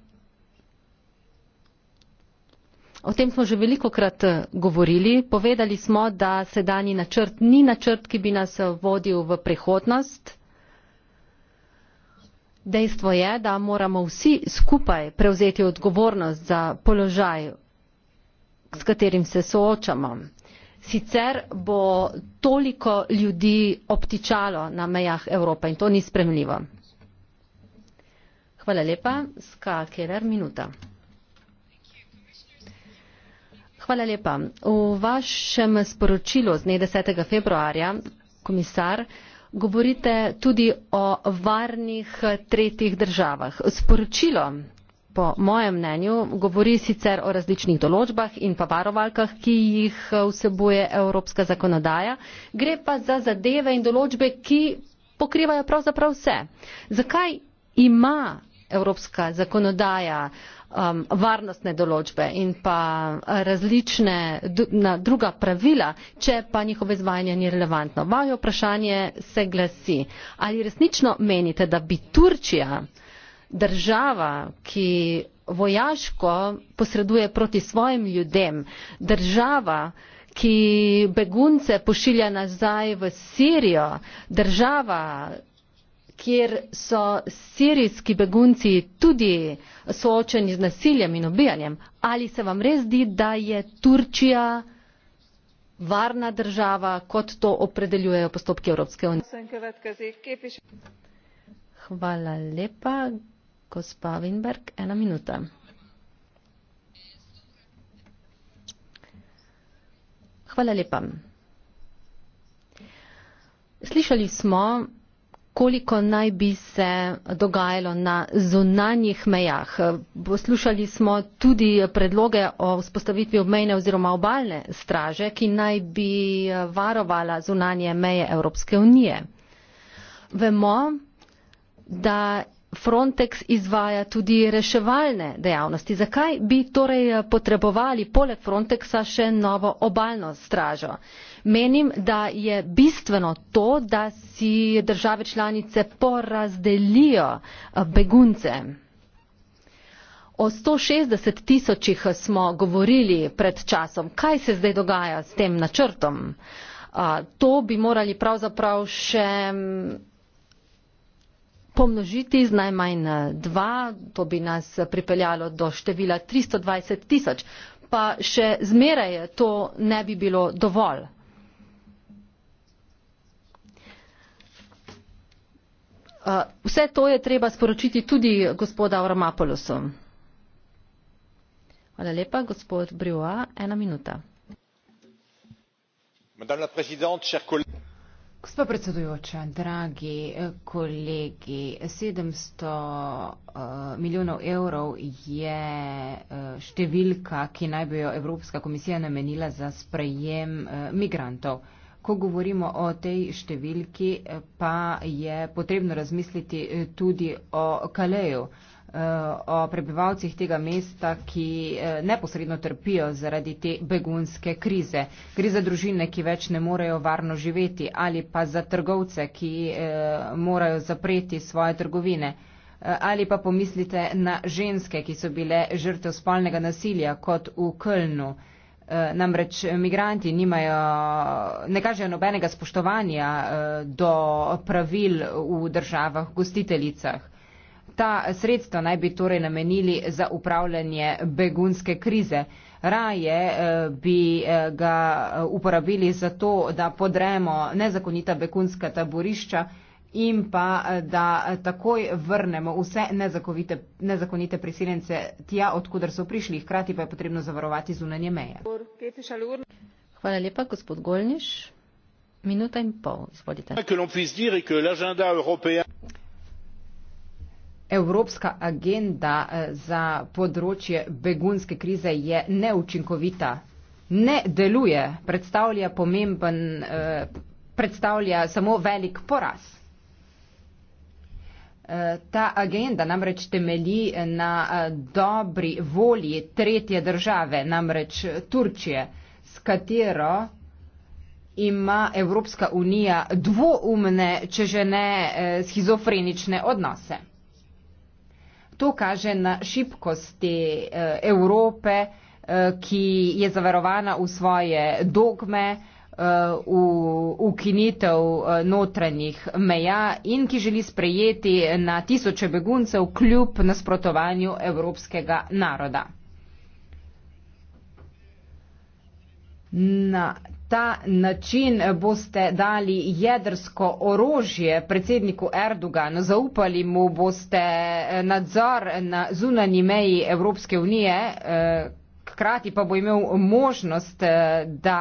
O tem smo že veliko krat govorili. Povedali smo, da sedanji načrt ni načrt, ki bi nas vodil v prihodnost dejstvo je da moramo vsi skupaj prevzeti odgovornost za položaj s katerim se soočamo sicer bo toliko ljudi obtičalo na mejah Evrope in to ni spremljivo. Hvala lepa, Ska Keller, minuta. Hvala lepa. V vašem sporočilu z dne 10. februarja, komisar, govorite tudi o varnih tretjih državah. Sporočilo po mojem mnenju govori sicer o različnih določbah in pa varovalkah, ki jih vsebuje evropska zakonodaja, gre pa za zadeve in določbe, ki pokrivajo pravzaprav vse. Zakaj ima evropska zakonodaja uh, um, varnostne določbe in pa različne na druga pravila, če pa njihovo izvajanje ni relevantno. Vajo vprašanje se glasi, ali resnično menite, da bi Turčija, država, ki vojaško posreduje proti svojim ljudem, država, ki begunce pošilja nazaj v Sirijo, država, kjer so sirijski begunci tudi soočeni z nasiljem in obijanjem. Ali se vam res zdi, da je Turčija varna država, kot to opredeljujejo postopki Evropske unije? Hvala lepa, gospa Winberg. Ena minuta. Hvala lepa. Slišali smo, koliko naj bi se dogajalo na zunanjih mejah. Poslušali smo tudi predloge o vzpostavitvi obmejne oziroma obalne straže, ki naj bi varovala zunanje meje Evropske unije. Vemo, da Frontex izvaja tudi reševalne dejavnosti. Zakaj bi torej potrebovali poleg Frontexa še novo obalno stražo? Menim, da je bistveno to, da si države članice porazdelijo eh, begunce. O 160 tisočih smo govorili pred časom. Kaj se zdaj dogaja s tem načrtom? Eh, to bi morali pravzaprav še mm, pomnožiti z najmanj eh, dva, to bi nas pripeljalo do števila 320 tisoč, pa še zmeraj to ne bi bilo dovolj. Uh, vse to je treba sporočiti tudi gospoda Avramopolosu. Hvala lepa, gospod Brioa, ena minuta. Gospa predsedujoča, dragi eh, kolegi, 700 uh, eh, milijonov evrov je uh, številka, ki naj bi jo Evropska komisija namenila za sprejem uh, migrantov. Uh, Ko govorimo o tej številki, pa je potrebno razmisliti eh, tudi o Kaleju, eh, o prebivalcih tega mesta, ki eh, neposredno trpijo zaradi te begunske krize. Gre za družine, ki več ne morejo varno živeti ali pa za trgovce, ki morajo zapreti svoje trgovine. Ali pa pomislite na ženske, ki so bile žrtev spolnega nasilja, kot v Kölnu. Eh, namreč eh, migranti nimajo, ne kažejo nobenega spoštovanja eh, do pravil v državah, gostiteljicah. Ta sredstva naj bi torej namenili za upravljanje begunske krize. Raje bi ga uporabili za to, da podremo nezakonita begunska taborišča in pa eh, da eh, takoj vrnemo vse nezakovite, nezakonite priseljence tja, odkuder so prišli, hkrati pa je potrebno zavarovati zunanje meje. Hvala lepa, gospod Golniš. Minuta in pol, izvolite. Evropska agenda eh, za področje begunske krize je neučinkovita, ne deluje, predstavlja pomemben, predstavlja samo velik poraz. Eh, ta agenda namreč temelji eh, na eh, dobri volji tretje države, namreč Turčije, s katero ima Evropska unija dvoumne, če že ne schizofrenične odnose. To kaže na šibkosti Evrope, ki je zaverovana v svoje dogme, v ukinitev eh, notranjih meja in ki želi sprejeti na tisoče beguncev kljub nasprotovanju evropskega naroda. Na ta način boste dali jedrsko orožje predsedniku Erdoganu, zaupali mu boste eh, nadzor na zunani meji Evropske unije, eh, hkrati pa bo imel možnost, eh, da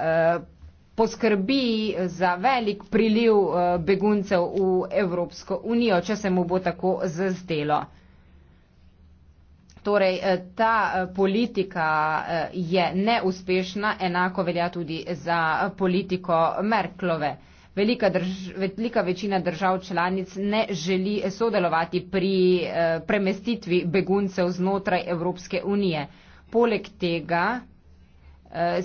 eh, poskrbi za velik priliv eh, beguncev v Evropsko unijo, če se mu bo tako zazdelo. Torej, ta politika je neuspešna, enako velja tudi za politiko Merklove. Velika, drž, velika večina držav članic ne želi sodelovati pri premestitvi beguncev znotraj Evropske unije poleg tega eh,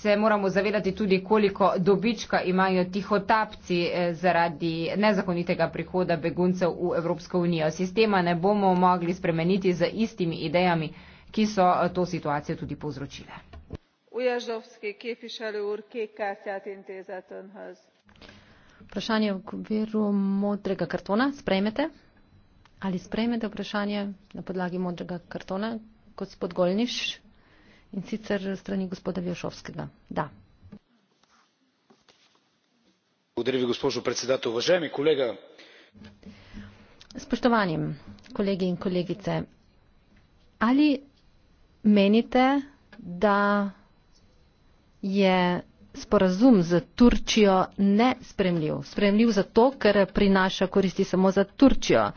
se moramo zavedati tudi, koliko dobička imajo tihotapci eh, zaradi nezakonitega prihoda beguncev v Evropsko unijo. Sistema ne bomo mogli spremeniti z istimi idejami, ki so eh, to situacijo tudi povzročile. Ujažovski, kje pišali ur, kje kasjat in te za ten haz? Vprašanje v okviru modrega kartona. Sprejmete? Ali sprejmete vprašanje na podlagi modrega kartona? gospod Golniš in sicer strani gospoda Vjošovskega. Da. Vdrevi gospodžu predsedatu, uvaženi kolega. Spoštovanjem, kolegi in kolegice, ali menite, da je sporazum z Turčijo nespremljiv? Spremljiv zato, ker prinaša koristi samo za Turčijo.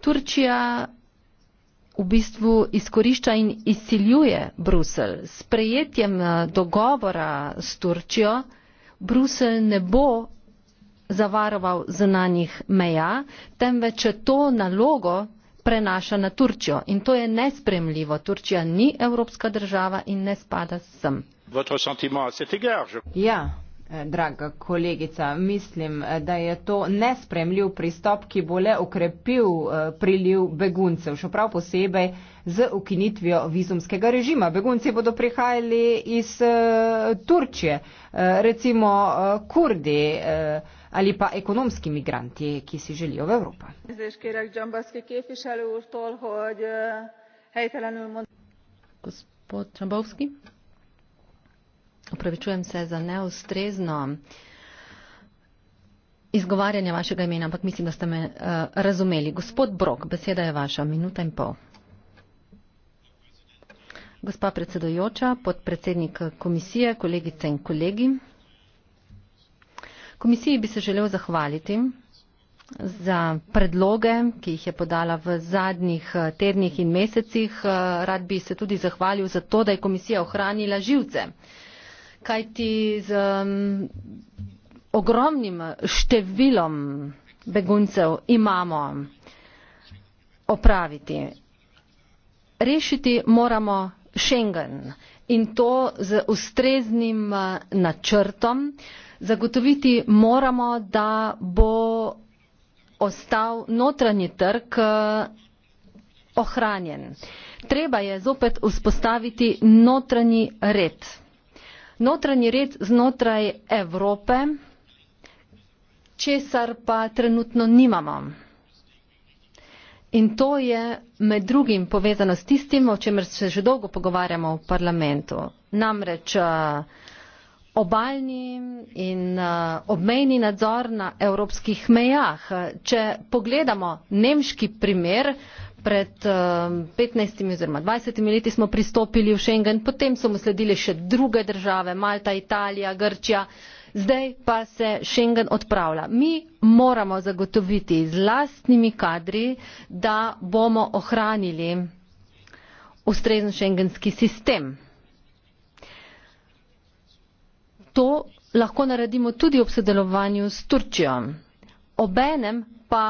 Turčija v bistvu izkorišča in izsiljuje Brusel. S prejetjem eh, dogovora s Turčjo Brusel ne bo zavaroval zunanjih meja, temveč to nalogo prenaša na Turčjo. In to je nespremljivo. Turčja ni evropska država in ne spada sem. Ja, Eh, draga kolegica, mislim, da je to nespremljiv pristop, ki bo le ukrepil eh, priliv beguncev, še prav posebej z ukinitvijo vizumskega režima. Begunci bodo prihajali iz eh, Turčije, recimo kurdi ali pa ekonomski migranti, ki si želijo v Evropo. Gospod Čambovski opravičujem se za neustrezno izgovarjanje vašega imena, ampak mislim, da ste me uh, razumeli. Gospod Brok, beseda je vaša, minuta in pol. Gospa predsedojoča, podpredsednik eh, komisije, kolegice in kolegi. Komisiji bi se želel zahvaliti za predloge, ki jih je podala v zadnjih eh, tednih in mesecih. Rad bi se tudi zahvalil za to, da je komisija ohranila živce. Uh, kajti z um, ogromnim številom beguncev imamo opraviti. Rešiti moramo Schengen in to z ustreznim uh, načrtom. Zagotoviti moramo, da bo ostal notranji trg uh, ohranjen. Treba je zopet vzpostaviti notranji red notranji red znotraj Evrope, česar pa trenutno nimamo. In to je med drugim povezano s tistim, o čemer se že dolgo pogovarjamo v parlamentu. Namreč eh, obaljni in eh, obmejni nadzor na evropskih mejah. Če pogledamo nemški primer, pred ehm, petnajstimi oziroma dvajsetimi leti smo pristopili v Schengen, potem so mu sledile še druge države, Malta, Italija, Grčija, zdaj pa se Schengen odpravlja. Mi moramo zagotoviti z lastnimi kadri, da bomo ohranili ustrezen šengenski sistem. To lahko naredimo tudi ob sodelovanju s Turčijo. Obenem pa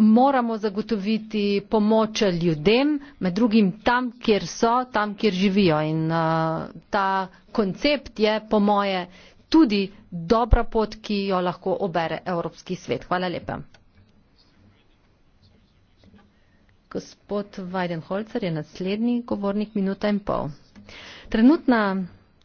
moramo zagotoviti pomoč ljudem, med drugim tam, kjer so, tam, kjer živijo. In uh, ta koncept je, po moje, tudi dobra pot, ki jo lahko obere Evropski svet. Hvala lepa. Gospod Weidenholzer je naslednji govornik, minuta in pol. Trenutna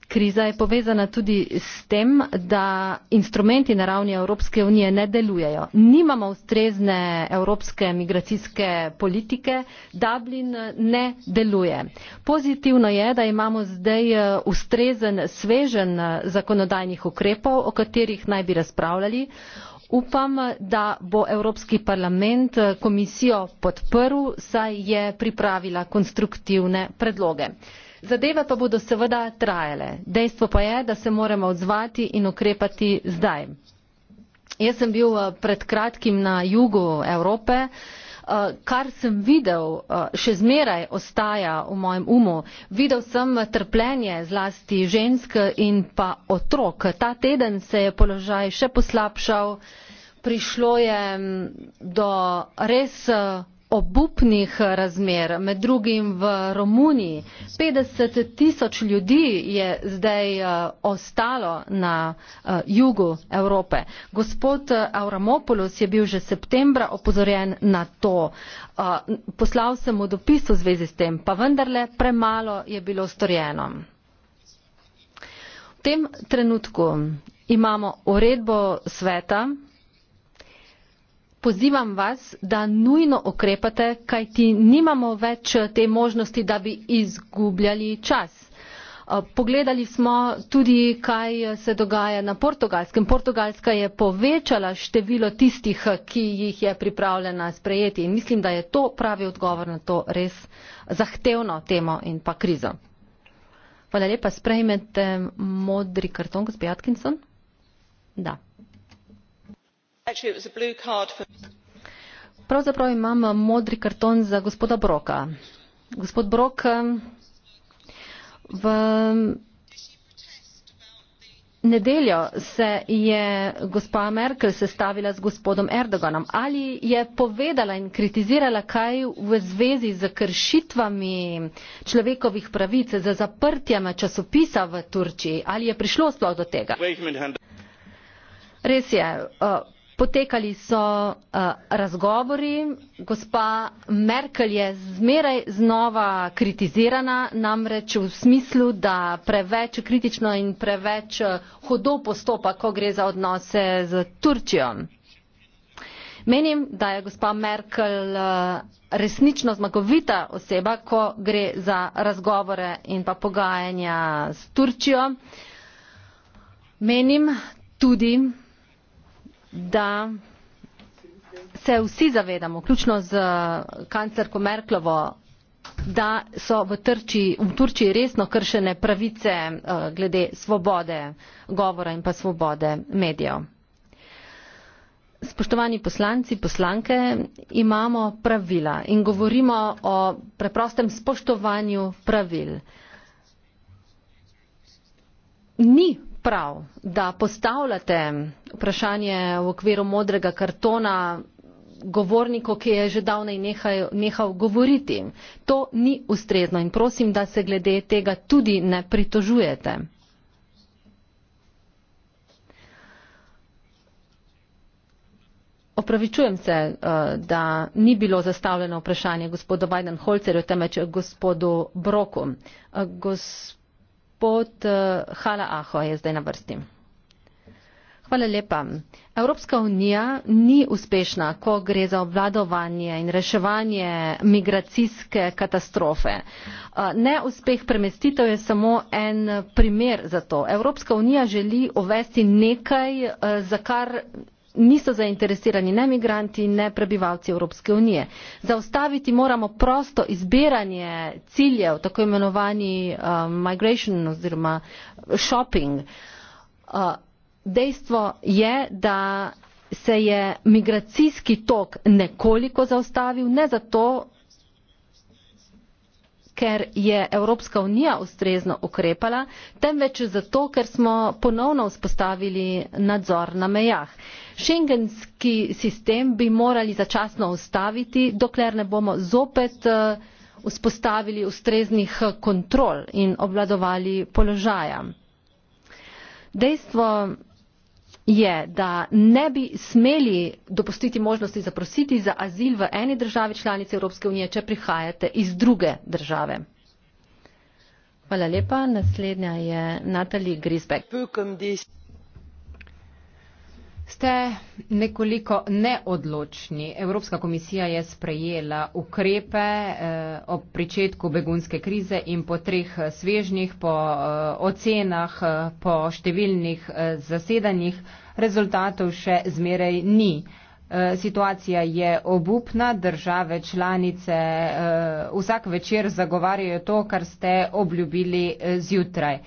Kriza je povezana tudi s tem, da instrumenti na ravni Evropske unije ne delujejo. Nimamo ustrezne evropske migracijske politike, Dublin ne deluje. Pozitivno je, da imamo zdaj eh, ustrezen svežen eh, zakonodajnih ukrepov, o katerih naj bi razpravljali. Upam, da bo Evropski parlament eh, komisijo podprl, saj je pripravila konstruktivne predloge. Zadeve pa bodo seveda trajale. Dejstvo pa je, da se moramo odzvati in ukrepati zdaj. Jaz sem bil eh, pred kratkim na jugu Evrope. Eh, kar sem videl, eh, še zmeraj ostaja v mojem umu. Videl sem trpljenje zlasti žensk in pa otrok. Ta teden se je položaj še poslabšal. Prišlo je mm, do res obupnih razmer, med drugim v Romuniji. 50 tisoč ljudi je zdaj eh, ostalo na eh, jugu Evrope. Gospod eh, Auramopoulos je bil že septembra opozorjen na to. Poslal sem mu dopis v zvezi s tem, pa vendarle premalo je bilo storjeno. V tem trenutku imamo uredbo sveta, pozivam vas, da nujno okrepate, kajti nimamo več eh, te možnosti, da bi izgubljali čas. Eh, pogledali smo tudi, kaj eh, se dogaja na portugalskem. Portugalska je povečala število tistih, ki jih je pripravljena sprejeti in mislim, da je to pravi odgovor na to res zahtevno temo in pa krizo. Hvala lepa, sprejmete modri karton, gospod Atkinson? Da pravzaprav imam modri karton za gospoda broka. gospod brok v nedeljo se je gospa merkel sestavila z gospodom erdoganom ali je povedala in kritizirala kaj v zvezi z kršitvami človekovih pravic z zaprtjem časopisa v turčiji ali je prišlo sploh do tega? res je eh, Potekali so uh, razgovori, gospa Merkel je zmeraj znova kritizirana, namreč v smislu, da preveč kritično in preveč eh, hudo postopa, ko gre za odnose z Turčijo. Menim, da je gospa Merkel uh, resnično zmagovita oseba, ko gre za razgovore in pa pogajanja s Turčijo. Menim tudi, da se vsi zavedamo, vključno z eh, kanclerko Merklovo, da so v, Trči, v Turčiji resno kršene pravice eh, glede svobode govora in pa svobode medijev. Spoštovani poslanci, poslanke, imamo pravila in govorimo o preprostem spoštovanju pravil. Ni prav, da postavljate vprašanje v okviru modrega kartona govorniku, ki je že davnej nehal, nehal govoriti. To ni ustrezno in prosim, da se glede tega tudi ne pritožujete. Opravičujem se, eh, da ni bilo zastavljeno vprašanje gospodu Vajdenholcerju, temveč gospodu Broku. Eh, Gospod Gospod eh, Hala Aho je zdaj na vrsti. Hvala lepa. Evropska unija ni uspešna, ko gre za obvladovanje in reševanje migracijske katastrofe. Eh, neuspeh premestitev je samo en primer za to. Evropska unija želi uvesti nekaj, eh, za kar niso zainteresirani ne migranti, ne prebivalci Evropske unije. Zaustaviti moramo prosto izbiranje ciljev, tako imenovani uh, migration oziroma shopping. Uh, dejstvo je, da se je migracijski tok nekoliko zaustavil, ne zato, ker je Evropska unija ustrezno ukrepala, temveč zato, ker smo ponovno vzpostavili nadzor na mejah. Šengenski sistem bi morali začasno ustaviti, dokler ne bomo zopet eh, vzpostavili ustreznih eh, kontrol in obladovali položaja. Dejstvo, je, da ne bi smeli dopustiti možnosti zaprositi za azil v eni državi članici Evropske unije, če prihajate iz druge države. Hvala lepa. Naslednja je Natalie Grisbeck ste nekoliko neodločni. Evropska komisija je sprejela ukrepe eh, ob pričetku begunske krize in po treh eh, svežnjih, po eh, ocenah, eh, po številnih eh, zasedanjih rezultatov še zmeraj ni. Eh, situacija je obupna, države članice vsak večer zagovarjajo to, kar ste obljubili zjutraj.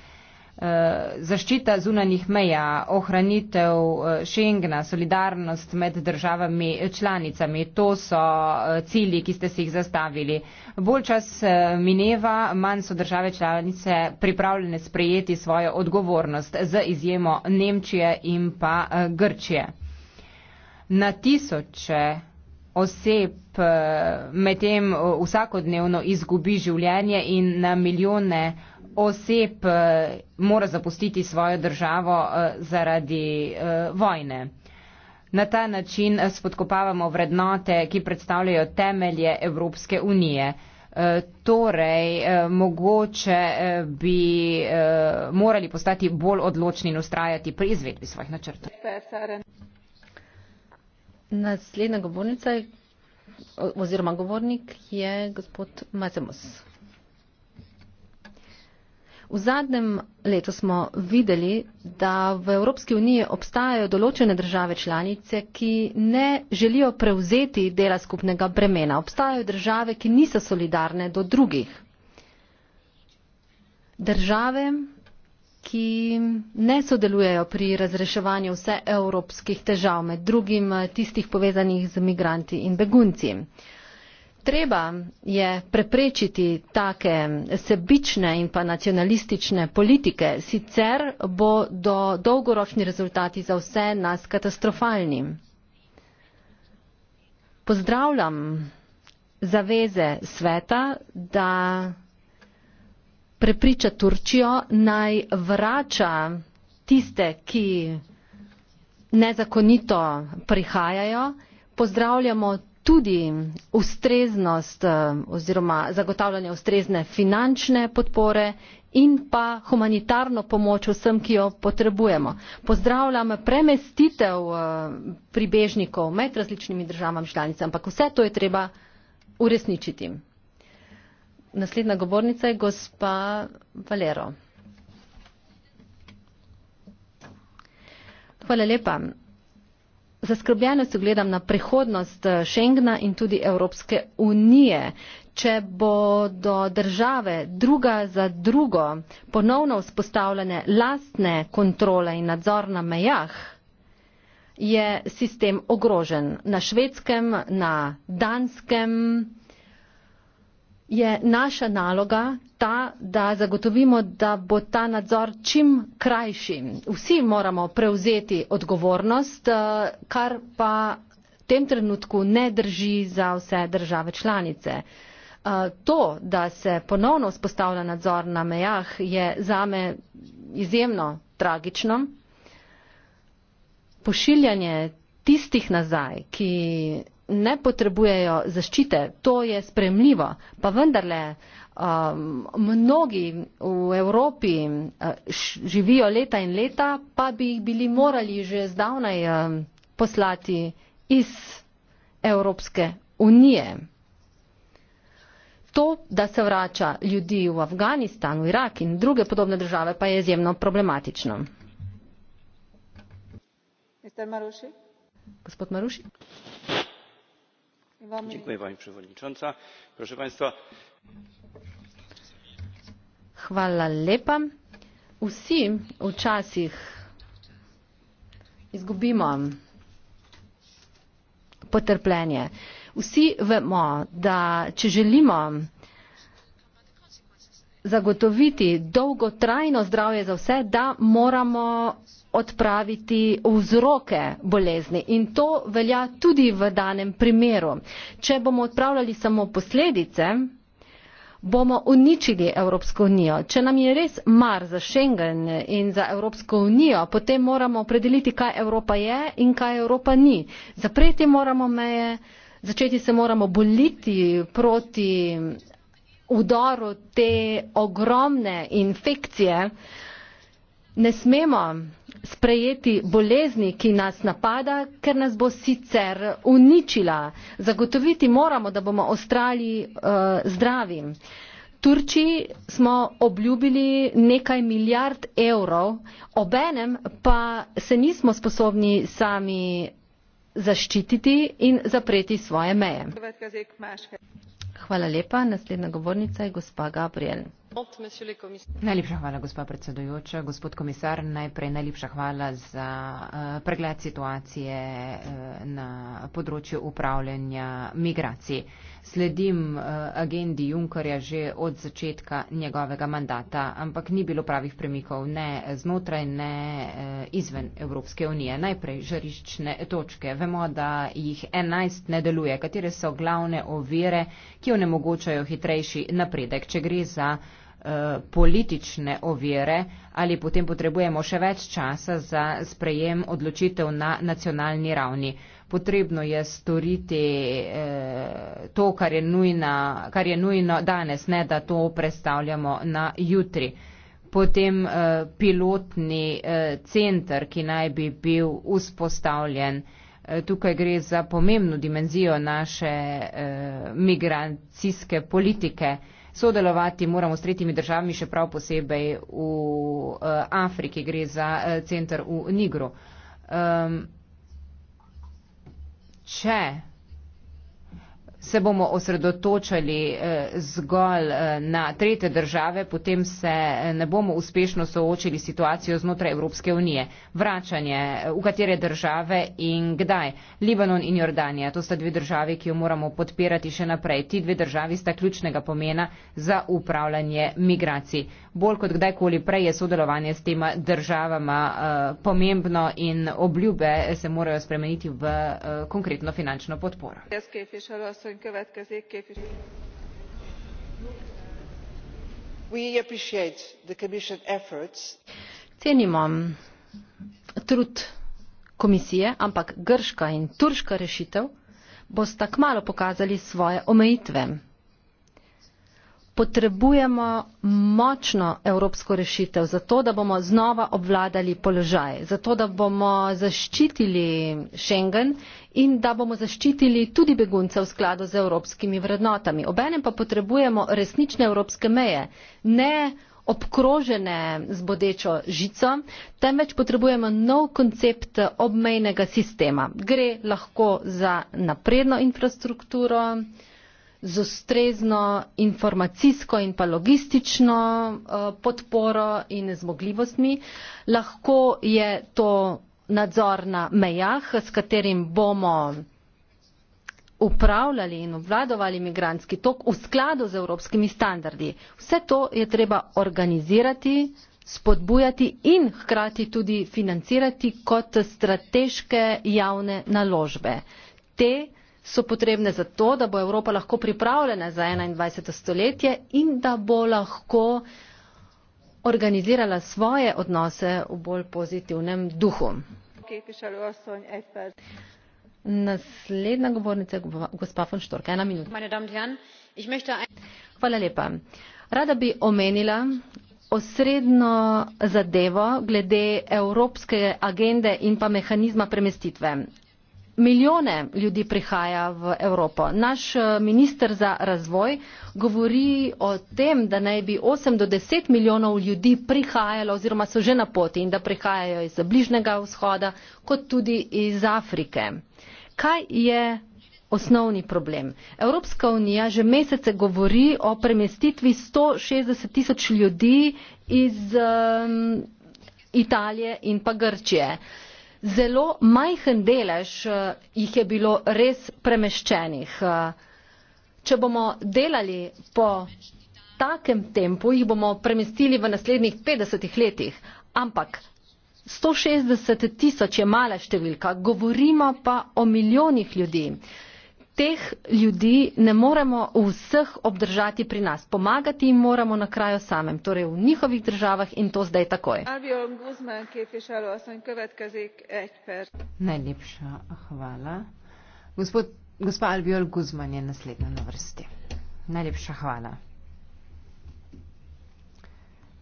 Eh, zaščita zunanih meja, ohranitev eh, Schengna, solidarnost med državami eh, članicami. To so cilji, ki ste si jih zastavili. Bolj čas mineva, manj so države članice pripravljene sprejeti svojo odgovornost z izjemo Nemčije in pa Grčije. Na tisoče oseb medtem vsakodnevno izgubi življenje in na milijone oseb eh, mora zapustiti svojo državo eh, zaradi eh, vojne. Na ta način spodkopavamo vrednote, ki predstavljajo temelje Evropske unije. Torej, mogoče bi morali postati bolj odločni in ustrajati pri izvedbi svojih načrtov. Naslednja govornica oziroma govornik je gospod Mazemus. V zadnjem letu smo videli, da v Evropski uniji obstajajo določene države članice, ki ne želijo prevzeti dela skupnega bremena. Obstajajo države, ki niso solidarne do drugih. Države, ki ne sodelujejo pri razreševanju vse evropskih težav, med drugim tistih povezanih z migranti in begunci. Treba je preprečiti take sebične in pa nacionalistične politike, sicer bodo dolgoročni rezultati za vse nas katastrofalni. Pozdravljam zaveze sveta, da prepriča Turčijo naj vrača tiste, ki nezakonito prihajajo. Pozdravljamo tudi ustreznost eh, oziroma zagotavljanje ustrezne finančne podpore in pa humanitarno pomoč vsem, ki jo potrebujemo. Pozdravljam premestitev eh, pribežnikov med različnimi državami članicami, ampak vse to je treba uresničiti. Naslednja govornica je gospa Valero. Hvala lepa zaskrbljenost gledam na prihodnost eh, Schengna in tudi Evropske unije. Če bodo države druga za drugo ponovno vzpostavljene lastne kontrole in nadzor na mejah, je sistem ogrožen. Na švedskem, na danskem, je naša naloga ta, da zagotovimo, da bo ta nadzor čim krajši. Vsi moramo prevzeti odgovornost, eh, kar pa v tem trenutku ne drži za vse države članice. Eh, to, da se ponovno spostavlja nadzor na mejah, je zame izjemno tragično. Pošiljanje tistih nazaj, ki ne potrebujejo zaščite, to je spremljivo, pa vendarle um, mnogi v Evropi uh, živijo leta in leta, pa bi jih bili morali že zdavnaj um, poslati iz Evropske unije. To, da se vrača ljudi v Afganistan, v Irak in druge podobne države, pa je izjemno problematično. Gospod Maruši? pani predsednica proszę państwa hvala lepa vsi včasih izgubimo potrpljenje vsi vemo da če želimo zagotoviti dolgotrajno zdravje za vse, da moramo odpraviti vzroke bolezni. In to velja tudi v danem primeru. Če bomo odpravljali samo posledice, bomo uničili Evropsko unijo. Če nam je res mar za Schengen in za Evropsko unijo, potem moramo opredeliti, kaj Evropa je in kaj Evropa ni. Zapreti moramo meje, začeti se moramo boliti proti vdoru te ogromne infekcije, ne smemo sprejeti bolezni, ki nas napada, ker nas bo sicer uničila. Zagotoviti moramo, da bomo ostali uh, eh, zdravi. Turčiji smo obljubili nekaj milijard evrov, obenem pa se nismo sposobni sami zaščititi in zapreti svoje meje. Hvala lepa. Naslednja govornica je gospa Gabriel. Najlepša hvala, gospa predsedujoča. Gospod komisar, najprej najlepša hvala za eh, pregled situacije eh, na področju upravljanja migracij sledim eh, agendi Junkarja že od začetka njegovega mandata, ampak ni bilo pravih premikov ne znotraj, ne eh, izven Evropske unije. Najprej žarišne točke. Vemo, da jih 11 ne deluje. Katere so glavne ovire, ki onemogočajo hitrejši napredek? Če gre za eh, politične ovire ali potem potrebujemo še več časa za sprejem odločitev na nacionalni ravni potrebno je storiti eh, to, kar je, nujna, kar je nujno danes, ne da to predstavljamo na jutri. Potem eh, pilotni eh, centr, ki naj bi bil vzpostavljen, eh, tukaj gre za pomembno dimenzijo naše eh, migracijske politike. Sodelovati moramo s tretjimi državami, še prav posebej v eh, Afriki, gre za eh, centr v Nigru. Um, če se bomo osredotočali eh, zgolj eh, na trete države, potem se eh, ne bomo uspešno soočili situacijo znotraj Evropske unije. Vračanje, v katere države in kdaj? Libanon in Jordanija, to sta dve države, ki jo moramo podpirati še naprej. Ti dve državi sta ključnega pomena za upravljanje migracij. Bolj kot kdajkoli prej je sodelovanje s tema državama pomembno in obljube se morajo spremeniti v konkretno finančno podporo cenimo trud komisije ampak grška in turška rešitev bosta kmalu pokazali svoje omejitve potrebujemo močno evropsko rešitev, zato da bomo znova obvladali položaj, zato da bomo zaščitili Schengen in da bomo zaščitili tudi begunce v skladu z evropskimi vrednotami. Obenem pa potrebujemo resnične evropske meje, ne obkrožene z bodečo žico, temveč potrebujemo nov koncept obmejnega sistema. Gre lahko za napredno infrastrukturo, z ustrezno informacijsko in pa logistično eh, podporo in zmogljivostmi. Lahko je to nadzor na mejah, s katerim bomo upravljali in obvladovali migranski tok v skladu z evropskimi standardi. Vse to je treba organizirati, spodbujati in hkrati tudi financirati kot strateške javne naložbe. Te so potrebne za to, da bo Evropa lahko pripravljena za 21. stoletje in da bo lahko organizirala svoje odnose v bolj pozitivnem duhu. Naslednja govornica je gospa von Štork. Ena minuta. Hvala lepa. Rada bi omenila osredno zadevo glede evropske agende in pa mehanizma premestitve milijone ljudi prihaja v Evropo. Naš eh, minister za razvoj govori o tem, da naj bi 8 do 10 milijonov ljudi prihajalo oziroma so že na poti in da prihajajo iz bližnjega vzhoda kot tudi iz Afrike. Kaj je osnovni problem? Evropska unija že mesece govori o premestitvi 160 tisoč ljudi iz um, Italije in pa Grčije zelo majhen delež eh, jih je bilo res premeščenih. Eh, če bomo delali po takem tempu, jih bomo premestili v naslednjih 50 letih, ampak 160 tisoč je mala številka, govorimo pa o milijonih ljudi teh ljudi ne moremo vseh obdržati pri nas. Pomagati jim moramo na kraju samem, torej v njihovih državah in to zdaj takoj. Najlepša hvala. Gospod, gospa Albion Guzman je naslednja na vrsti. Najlepša hvala.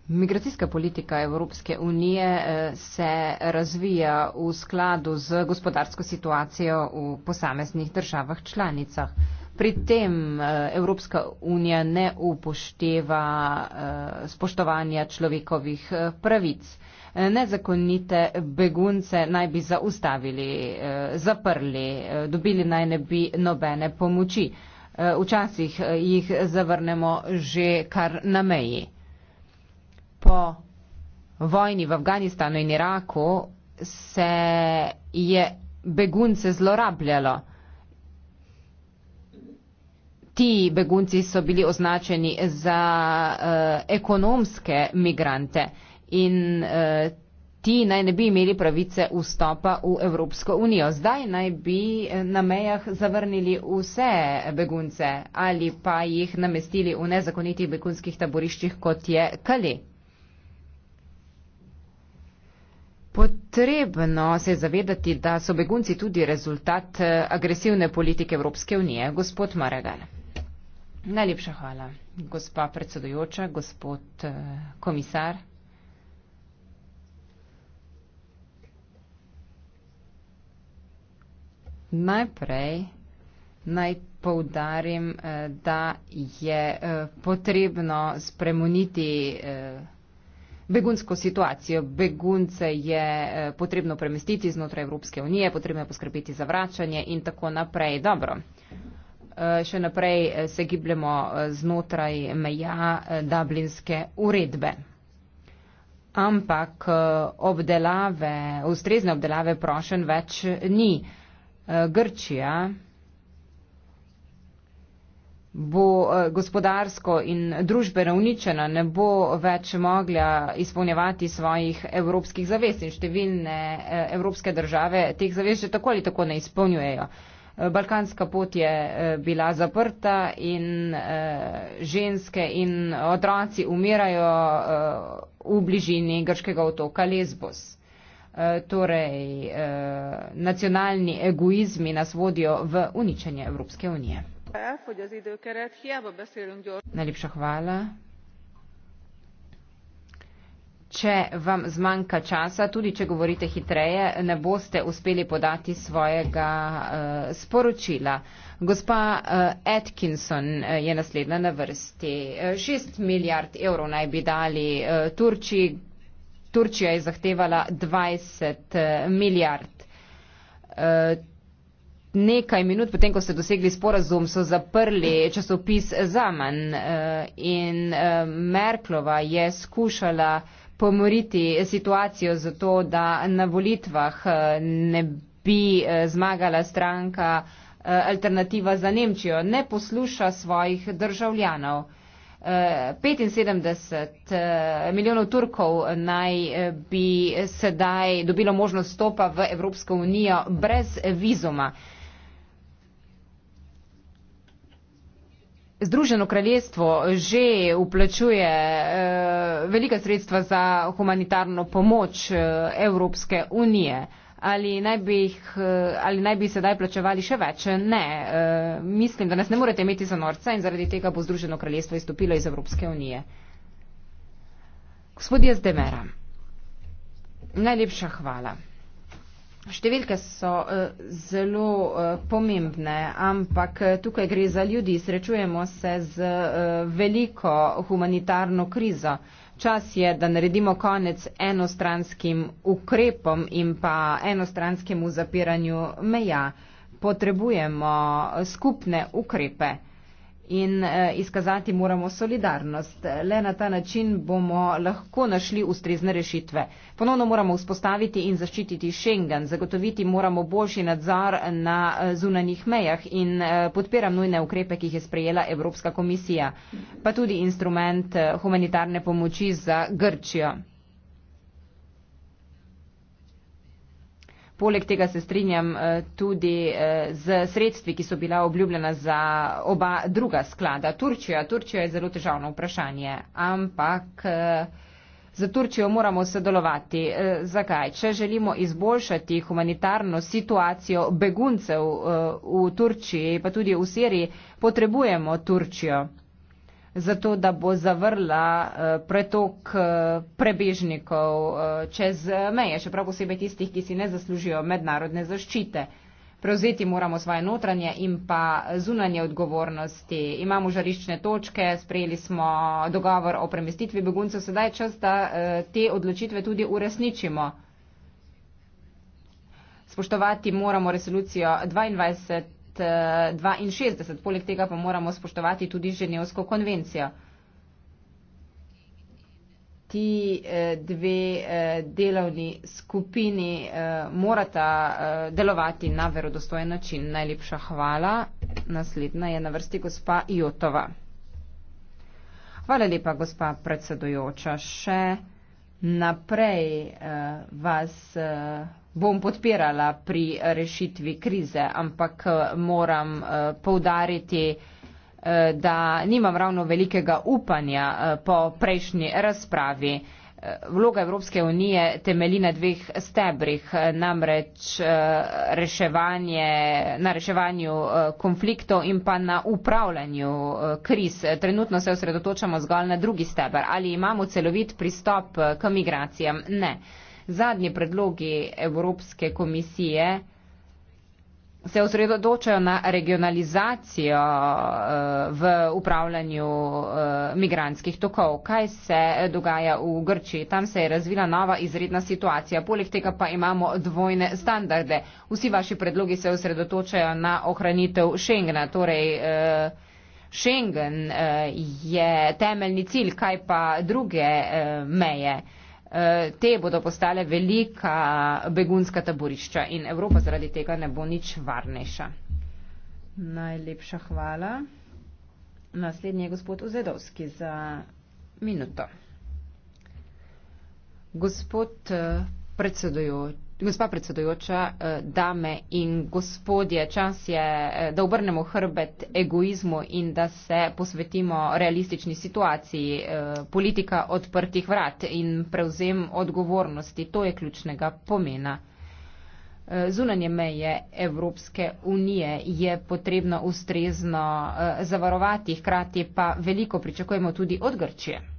Migracijska politika Evropske unije eh, se razvija v skladu z gospodarsko situacijo v posameznih državah članicah. Pri tem eh, Evropska unija ne upošteva eh, spoštovanja človekovih pravic. Nezakonite begunce naj bi zaustavili, zaprli, dobili naj ne bi nobene pomoči. Včasih jih zavrnemo že kar na meji po vojni v Afganistanu in Iraku se je begunce zlorabljalo. Ti begunci so bili označeni za uh, ekonomske migrante in uh, ti naj ne bi imeli pravice vstopa v Evropsko unijo. Zdaj naj bi eh, na mejah zavrnili vse begunce ali pa jih namestili v nezakonitih begunskih taboriščih, kot je Kali. Potrebno se je zavedati, da so begunci tudi rezultat eh, agresivne politike Evropske unije. Gospod Maragal. Najlepša hvala, gospa predsedujoča, gospod eh, komisar. Najprej naj poudarim, eh, da je potrebno spremeniti begunsko situacijo. Begunce je eh, potrebno premestiti znotraj Evropske unije, potrebno je poskrbeti za vračanje in tako naprej. Dobro. Eh, še naprej eh, se gibljemo znotraj meja Dublinske uredbe. Ampak obdelave, ustrezne obdelave prošen več ni. Grčija bo eh, gospodarsko in družbeno uničena, ne bo več mogla izpolnjevati svojih evropskih zavez in številne eh, evropske države teh zavez že tako ali tako ne izpolnjujejo. Eh, balkanska pot je bila zaprta in ženske in otroci umirajo v bližini grškega otoka Lesbos. Torej, nacionalni egoizmi nas vodijo v uničenje Evropske unije. Najlepša hvala. Če vam zmanjka časa, tudi če govorite hitreje, ne boste uspeli podati svojega uh, sporočila. Gospa uh, Atkinson eh, je naslednja na vrsti. Šest milijard evrov naj bi dali uh, Turčiji. Turčija je zahtevala 20 milijard. Uh, nekaj minut potem, ko so dosegli sporazum, so zaprli časopis Zaman eh, in eh, Merklova je skušala pomoriti situacijo zato, da na volitvah eh, ne bi zmagala stranka alternativa za Nemčijo, ne posluša svojih državljanov. 75 milijonov Turkov naj bi sedaj dobilo možnost stopa v Evropsko unijo brez vizuma. Združeno kraljestvo že uplačuje eh, velika sredstva za humanitarno pomoč eh, Evropske unije. Ali naj, bi jih, eh, ali naj bi sedaj plačevali še več? Ne. E, mislim, da nas ne morete imeti za norca in zaradi tega bo Združeno kraljestvo izstopilo iz Evropske unije. Gospodje Zdemera, najlepša hvala. Številke so uh, zelo uh, pomembne, ampak eh, tukaj gre za ljudi. Srečujemo se z uh, veliko humanitarno krizo. Čas je, da naredimo konec enostranskim ukrepom in pa enostranskemu zapiranju meja. Potrebujemo skupne ukrepe in eh, izkazati moramo solidarnost. Le na ta način bomo lahko našli ustrezne rešitve. Ponovno moramo vzpostaviti in zaščititi Schengen, zagotoviti moramo boljši nadzor na eh, zunanjih mejah in eh, podpiram nujne ukrepe, ki jih je sprejela Evropska komisija, pa tudi instrument humanitarne pomoči za Grčijo. Poleg tega se strinjam eh, tudi eh, z sredstvi, ki so bila obljubljena za oba druga sklada. Turčija. Turčija je zelo težavno vprašanje, ampak eh, za Turčijo moramo sodelovati. Zakaj? Če želimo izboljšati humanitarno situacijo beguncev v Turčiji, pa tudi v Siriji, potrebujemo Turčijo zato da bo zavrla eh, pretok eh, prebežnikov eh, čez meje, še prav posebej tistih, ki si ne zaslužijo mednarodne zaščite. Prevzeti moramo svoje notranje in pa zunanje odgovornosti. Imamo žariščne točke, sprejeli smo dogovor o premestitvi beguncev, sedaj je čas, da te odločitve tudi uresničimo. Spoštovati moramo resolucijo 22 1962. Poleg tega pa moramo spoštovati tudi Ženevsko konvencijo. Ti eh, dve eh, delovni skupini eh, morata delovati na verodostojen način. Najlepša hvala. Naslednja je na vrsti gospa Jotova. Hvala lepa, gospa predsedojoča. Še naprej vas bom podpirala pri rešitvi krize, ampak eh, moram eh, poudariti, eh, da nimam ravno velikega upanja po prejšnji razpravi. Vloga Evropske unije temeli na dveh stebrih, namreč reševanje, na reševanju konfliktov in pa na upravljanju kriz. Trenutno se osredotočamo zgolj na drugi steber. Ali imamo celovit pristop k migracijam? Ne zadnji predlogi Evropske komisije se osredotočajo na regionalizacijo eh, v upravljanju eh, migranskih tokov. Kaj se dogaja v Grčiji? Tam se je razvila nova izredna situacija. Poleg tega pa imamo dvojne standarde. Vsi vaši predlogi se osredotočajo na ohranitev Schengena. Torej, eh, Schengen je temeljni cilj, kaj pa druge meje? Eh, te bodo postale velika begunska taborišča in Evropa zaradi tega ne bo nič varnejša. Najlepša hvala. Naslednji je gospod Uzedovski za minuto. Gospod eh, predsedujoč, Gospa predsedujoča, eh, dame in gospodje, čas je, eh, da obrnemo hrbet egoizmu in da se posvetimo realistični situaciji. Eh, politika odprtih vrat in prevzem odgovornosti, to je ključnega pomena. Zunanje meje Evropske unije je potrebno ustrezno zavarovati, hkrati pa veliko pričakujemo tudi od Grčije.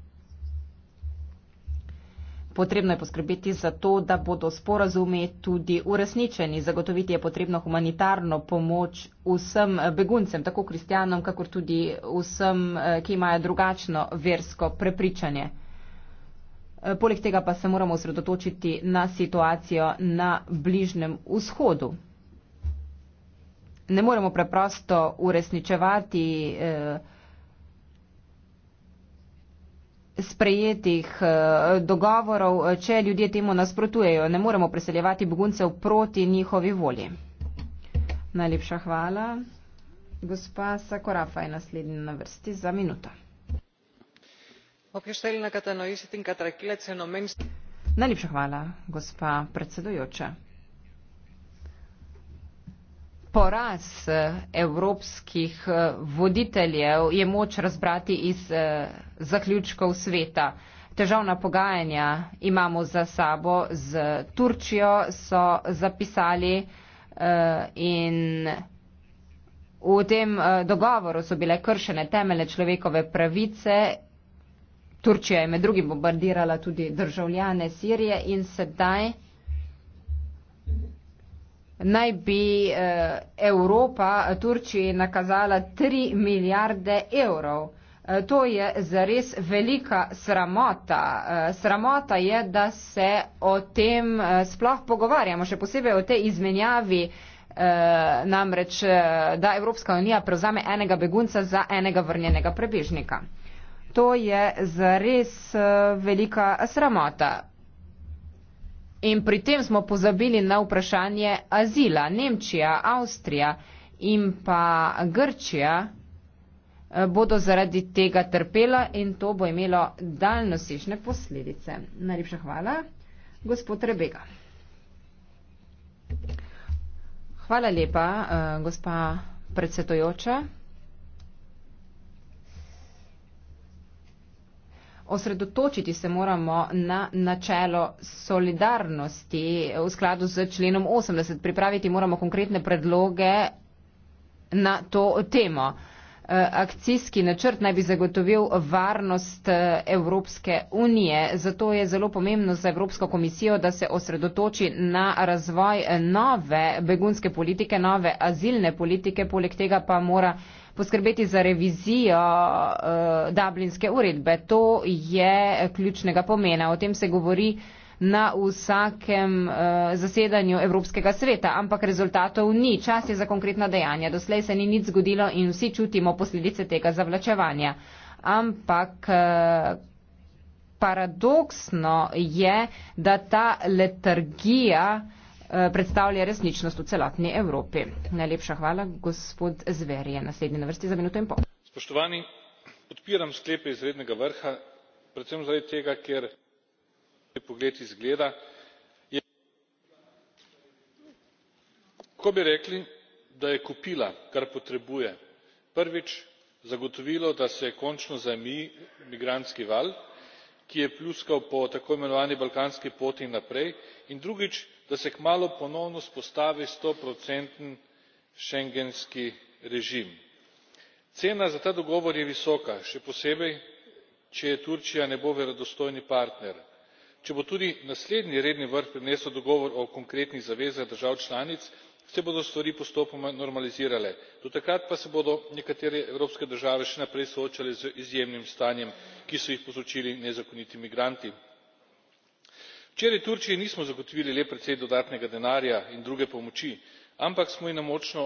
Potrebno je poskrbeti za to, da bodo sporazumi tudi uresničeni. Zagotoviti je potrebno humanitarno pomoč vsem beguncem, tako kristjanom, kakor tudi vsem, eh, ki imajo drugačno versko prepričanje. Eh, poleg tega pa se moramo osredotočiti na situacijo na Bližnem vzhodu. Ne moremo preprosto uresničevati eh, sprejetih eh, dogovorov, eh, če ljudje temu nasprotujejo. Ne moremo preseljevati beguncev proti njihovi volji. Najlepša hvala. Gospa Sakorafa je naslednja na vrsti za minuto. Najlepša hvala, gospa predsedujoča poraz eh, evropskih eh, voditeljev je moč razbrati iz eh, zaključkov sveta. Težavna pogajanja imamo za sabo z Turčijo, so zapisali in v tem dogovoru so bile kršene temelje človekove pravice. Turčija je med drugim bombardirala tudi državljane Sirije in sedaj naj bi eh, Evropa Turčiji nakazala 3 milijarde evrov. Eh, to je zares velika sramota. Eh, sramota je, da se o tem sploh pogovarjamo, še posebej o tej izmenjavi, namreč, da Evropska unija prevzame enega begunca za enega vrnjenega prebežnika. To je zares velika sramota. In pri tem smo pozabili na vprašanje azila. Nemčija, Avstrija in pa Grčija eh, bodo zaradi tega trpela in to bo imelo daljnosežne posledice. Najlepša hvala, gospod Rebega. Hvala lepa, eh, gospa predsedojoča. osredotočiti se moramo na načelo solidarnosti v skladu z členom 80. Pripraviti moramo konkretne predloge na to temo. E, akcijski načrt naj bi zagotovil varnost e, Evropske unije, zato je zelo pomembno za Evropsko komisijo, da se osredotoči na razvoj e, nove begunske politike, nove azilne politike, poleg tega pa mora poskrbeti za revizijo uh, Dublinske uredbe. To je ključnega pomena. O tem se govori na vsakem uh, zasedanju Evropskega sveta, ampak rezultatov ni. Čas je za konkretna dejanja. Doslej se ni nič zgodilo in vsi čutimo posledice tega zavlačevanja. Ampak. Uh, Paradoksno je, da ta letargija uh, Eh, predstavlja resničnost v celotni Evropi. Najlepša hvala, gospod Zver je naslednji na vrsti za minuto in pol. Spoštovani, podpiram sklepe izrednega vrha, predvsem zaradi tega, ker je pogled izgleda. Je, ko bi rekli, da je kupila, kar potrebuje, prvič zagotovilo, da se končno zami migrantski val, ki je pljuskal po tako imenovani balkanski poti naprej in drugič, da se kmalu ponovno vzpostavi stoprocenten schengenski režim. cena za ta dogovor je visoka še posebej če turčija ne bo verodostojni partner. če bo tudi naslednji redni vrh prinesel dogovor o konkretnih zavezah držav članic se bodo stvari postopoma normalizirale do takrat pa se bodo nekatere evropske države še naprej soočale z izjemnim stanjem ki so jih povzročili nezakoniti migranti včeraj turčiji nismo zagotovili le precej dodatnega denarja in druge pomoči ampak smo ji na močno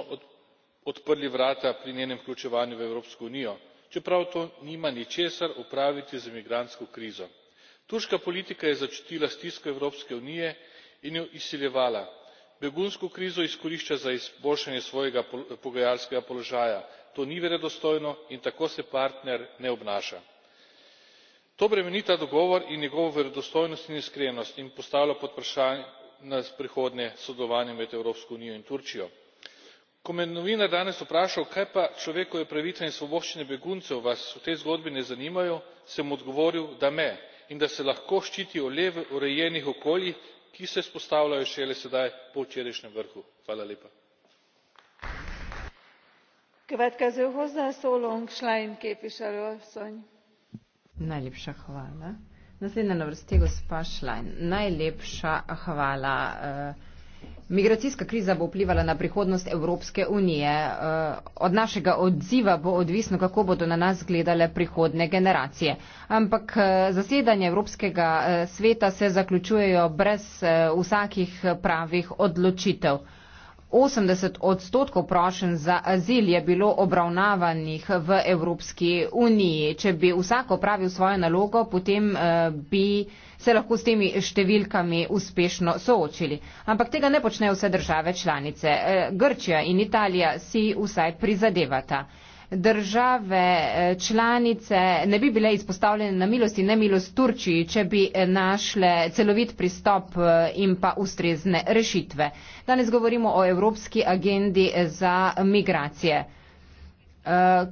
odprli vrata pri njenem vključevanju v evropsko unijo čeprav to nima ničesar opraviti z migrantsko krizo. turška politika je začutila stisko evropske unije in jo izsiljevala begunsko krizo izkorišča za izboljšanje svojega pogajalskega položaja to ni verodostojno in tako se partner ne obnaša to bremenita dogovor in njegovo verodostojnost in iskrenost in postavlja pod vprašaj prihodnje sodelovanje med evropsko unijo in turčijo. ko me je novinar danes vprašal kaj pa človekove pravice in svoboščine beguncev vas v tej zgodbi ne zanimajo sem mu odgovoril da me in da se lahko ščitijo le v urejenih okoljih ki se vzpostavljajo šele sedaj po včerajšnjem vrhu. Najlepša hvala. Naslednja na vrsti, gospa Šlajn. Najlepša hvala. Eh, migracijska kriza bo vplivala na prihodnost Evropske unije. Eh, od našega odziva bo odvisno, kako bodo na nas gledale prihodne generacije. Ampak eh, zasedanje Evropskega sveta se zaključujejo brez vsakih pravih odločitev. 80 odstotkov prošen za azil je bilo obravnavanih v Evropski uniji. Če bi vsak opravil svojo nalogo, potem eh, bi se lahko s temi številkami uspešno soočili. Ampak tega ne počnejo vse države članice. Eh, Grčija in Italija si vsaj prizadevata države eh, članice ne bi bile izpostavljene na milost in nemilost Turčiji, če bi eh, našle celovit pristop eh, in pa ustrezne rešitve. Danes govorimo o Evropski agendi za migracije.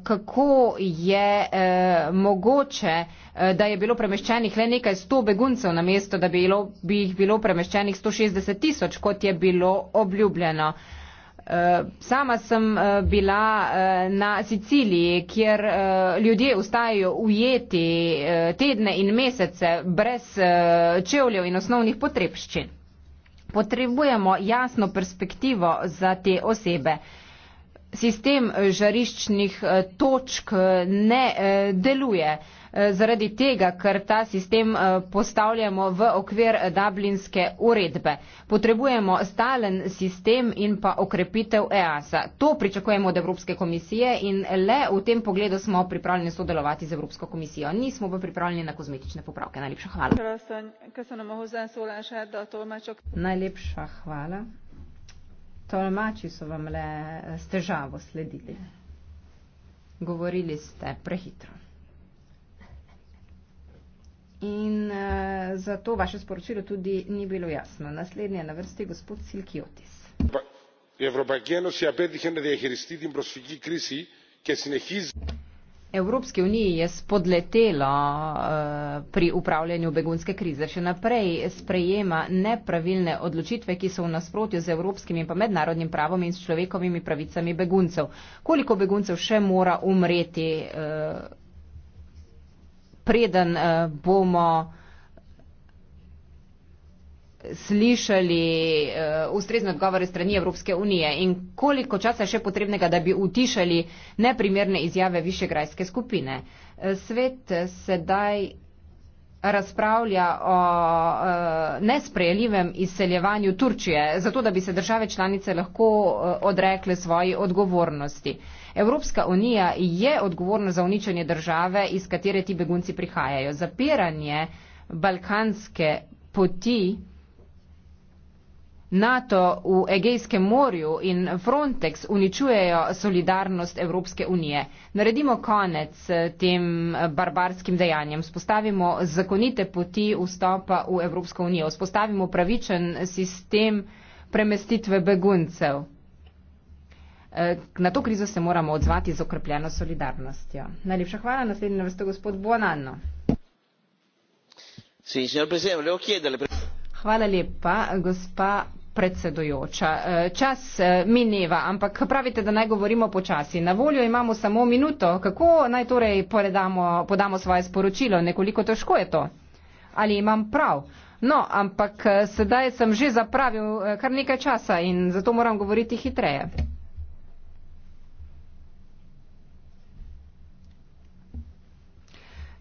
Kako je mogoče, da je bilo premeščenih le nekaj sto beguncev na mesto, da bi jih bilo premeščenih 160 tisoč, kot je bilo obljubljeno? Eh, sama sem eh, bila eh, na Siciliji, kjer ljudje ustajajo ujeti tedne in mesece brez čevljev in osnovnih potrebščin. Potrebujemo jasno perspektivo za te osebe sistem eh, žariščnih eh, točk eh, ne deluje. Zaradi tega, ker ta sistem postavljamo v okvir Dublinske uredbe, potrebujemo stalen sistem in pa okrepitev EASA. To pričakujemo od Evropske komisije in le v tem pogledu smo pripravljeni sodelovati z Evropsko komisijo. Nismo pa pripravljeni na kozmetične popravke. Najlepša hvala. Najlepša hvala tolmači so vam le eh, s težavo sledili. Govorili ste prehitro. In uh, zato vaše sporočilo tudi ni bilo jasno. Naslednje na vrsti je gospod Silkiotis. Evropska enota si je apetihena, da je hristi in prosvigi krizi, ki se ne hizi. Evropski uniji je spodletelo eh, pri upravljanju begunske krize. Še naprej sprejema nepravilne odločitve, ki so v nasprotju z evropskim in pa mednarodnim pravom in s človekovimi pravicami beguncev. Koliko beguncev še mora umreti, eh, preden eh, bomo slišali uh, ustrezne odgovore strani Evropske unije in koliko časa je še potrebnega, da bi utišali neprimerne izjave višegrajske skupine. Eh, svet sedaj razpravlja o uh, eh, nesprejeljivem izseljevanju Turčije, zato da bi se države članice lahko uh, odrekle svoji odgovornosti. Evropska unija je odgovorna za uničenje države, iz katere ti begunci prihajajo. Zapiranje balkanske poti, NATO v Egejskem morju in Frontex uničujejo solidarnost Evropske unije. Naredimo konec eh, tem eh, barbarskim dejanjem, spostavimo zakonite poti vstopa v Evropsko unijo, spostavimo pravičen sistem premestitve beguncev. Eh, na to krizo se moramo odzvati z okrepljeno solidarnostjo. Najlepša hvala, naslednje vrste gospod Buonanno. Hvala lepa, gospa predsedujoča. Eh, čas eh, mineva, ampak pravite, da naj govorimo počasi. Na voljo imamo samo minuto. Kako naj torej podamo, podamo svoje sporočilo? Nekoliko težko je to? Ali imam prav? No, ampak eh, sedaj sem že zapravil kar nekaj časa in zato moram govoriti hitreje.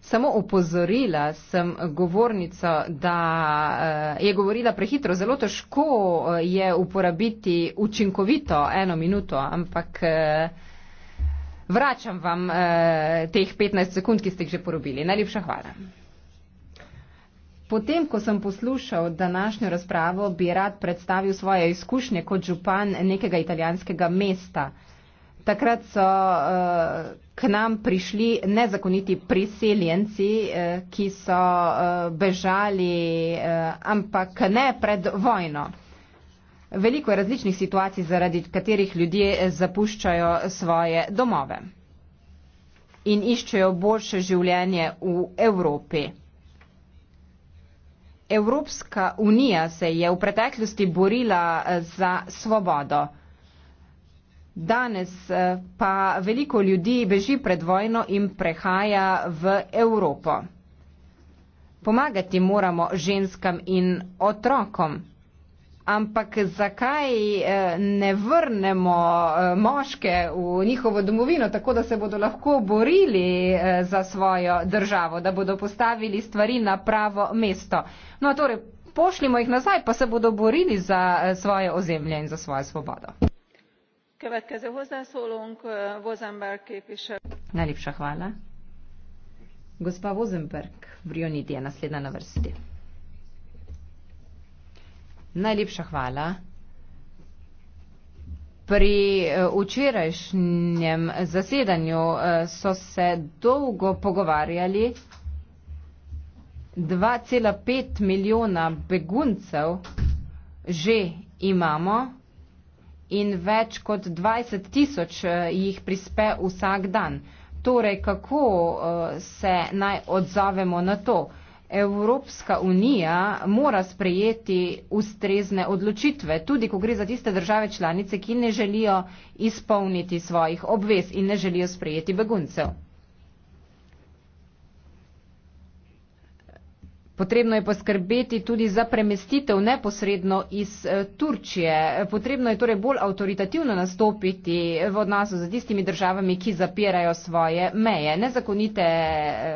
samo opozorila sem govornico, da eh, je govorila prehitro. Zelo težko eh, je uporabiti učinkovito eno minuto, ampak eh, vračam vam teh 15 sekund, ki ste jih že porobili. Najlepša hvala. Potem, ko sem poslušal današnjo razpravo, bi rad predstavil svoje izkušnje kot župan nekega italijanskega mesta. Takrat so uh, k nam prišli nezakoniti priseljenci, eh, ki so eh, bežali, eh, ampak ne pred vojno. Veliko je različnih situacij, zaradi katerih ljudje zapuščajo svoje domove in iščejo boljše življenje v Evropi. Evropska unija se je v preteklosti borila za svobodo. Danes eh, pa veliko ljudi beži pred vojno in prehaja v Evropo. Pomagati moramo ženskam in otrokom. Ampak zakaj eh, ne vrnemo eh, moške v njihovo domovino, tako da se bodo lahko borili za svojo državo, da bodo postavili stvari na pravo mesto? No, torej, pošljimo jih nazaj, pa se bodo borili za svoje ozemlje in za svojo svobodo. Eh, Najlepša hvala. Gospa Vozenberg, Brionidi je naslednja na vrsti. Najlepša hvala. Pri eh, včerajšnjem zasedanju eh, so se dolgo pogovarjali 2,5 milijona beguncev že imamo in več kot 20 tisoč eh, jih prispe vsak dan. Torej, kako eh, se naj odzovemo na to? Evropska unija mora sprejeti ustrezne odločitve, tudi ko gre za tiste države članice, ki ne želijo izpolniti svojih obvez in ne želijo sprejeti beguncev. Potrebno je poskrbeti tudi za premestitev neposredno iz eh, Turčije. Potrebno je torej bolj avtoritativno nastopiti v odnosu z tistimi državami, ki zapirajo svoje meje. Nezakonite eh,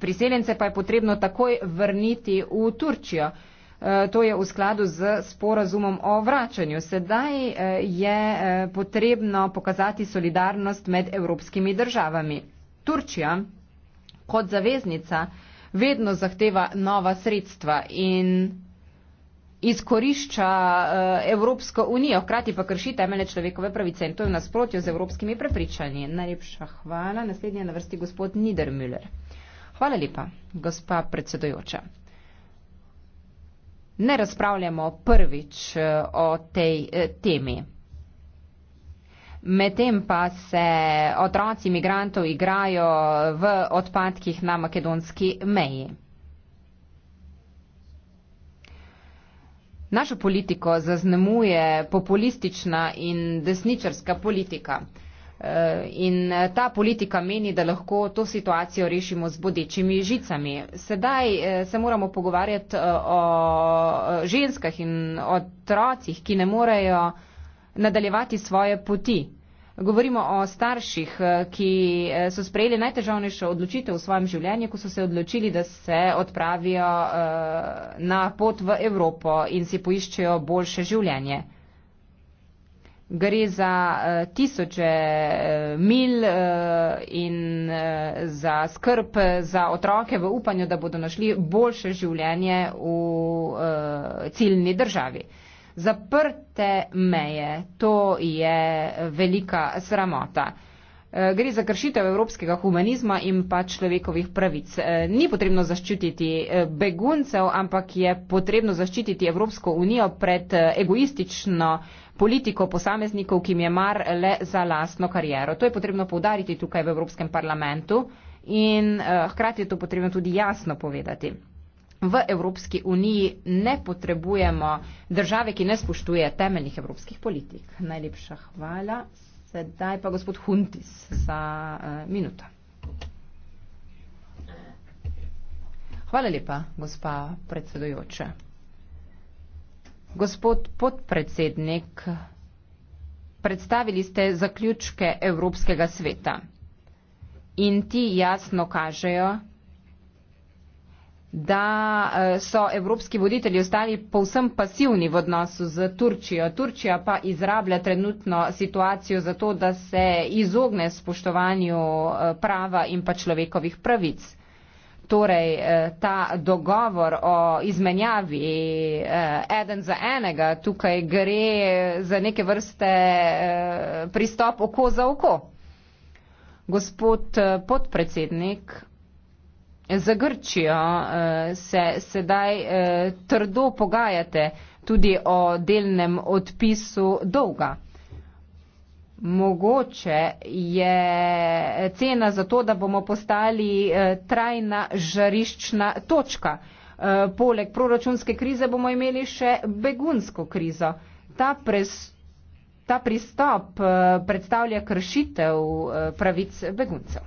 priseljence pa je potrebno takoj vrniti v Turčijo. Eh, to je v skladu z sporazumom o vračanju. Sedaj je potrebno pokazati solidarnost med evropskimi državami. Turčija kot zaveznica vedno zahteva nova sredstva in izkorišča eh, Evropsko unijo, hkrati pa krši temeljne človekove pravice in to je v nasprotju z evropskimi prepričanji. Najlepša hvala. Naslednji je na vrsti gospod Niedermüller. Hvala lepa, gospa predsedojoča. Ne razpravljamo prvič eh, o tej eh, temi. Medtem pa se otroci migrantov igrajo v odpadkih na makedonski meji. Našo politiko zaznamuje populistična in desničarska politika. Eh, in ta politika meni, da lahko to situacijo rešimo z bodečimi žicami. Sedaj eh, se moramo pogovarjati eh, o ženskah in otrocih, ki ne morejo nadaljevati svoje poti. Govorimo o starših, eh, ki eh, so sprejeli najtežavnejšo odločitev v svojem življenju, ko so se odločili, da se odpravijo eh, na pot v Evropo in si poiščejo boljše življenje. Gre za tisoče mil in za skrb za otroke v upanju, da bodo našli boljše življenje v ciljni državi zaprte meje. To je velika sramota. E, gre za kršitev evropskega humanizma in pa človekovih pravic. E, ni potrebno zaščititi e, beguncev, ampak je potrebno zaščititi Evropsko unijo pred egoistično politiko posameznikov, ki jim je mar le za lastno kariero. To je potrebno povdariti tukaj v Evropskem parlamentu in hkrati je to potrebno tudi jasno povedati v Evropski uniji ne potrebujemo države, ki ne spoštuje temeljnih evropskih politik. Najlepša hvala. Sedaj pa gospod Huntis za uh, minuto. Hvala lepa, gospa predsedujoča. Gospod podpredsednik, predstavili ste zaključke Evropskega sveta in ti jasno kažejo, da eh, so evropski voditelji ostali povsem pasivni v odnosu z Turčijo. Turčija pa izrablja trenutno situacijo za to, da se izogne spoštovanju eh, prava in pa človekovih pravic. Torej, eh, ta dogovor o izmenjavi eden za enega, tukaj gre za neke vrste pristop oko za oko. Gospod podpredsednik, za Grčijo eh, se sedaj eh, trdo pogajate tudi o delnem odpisu dolga. Mogoče je cena za to, da bomo postali eh, trajna žariščna točka. Poleg proračunske krize bomo imeli še begunsko krizo. Ta, pres, ta pristop predstavlja kršitev pravic beguncev.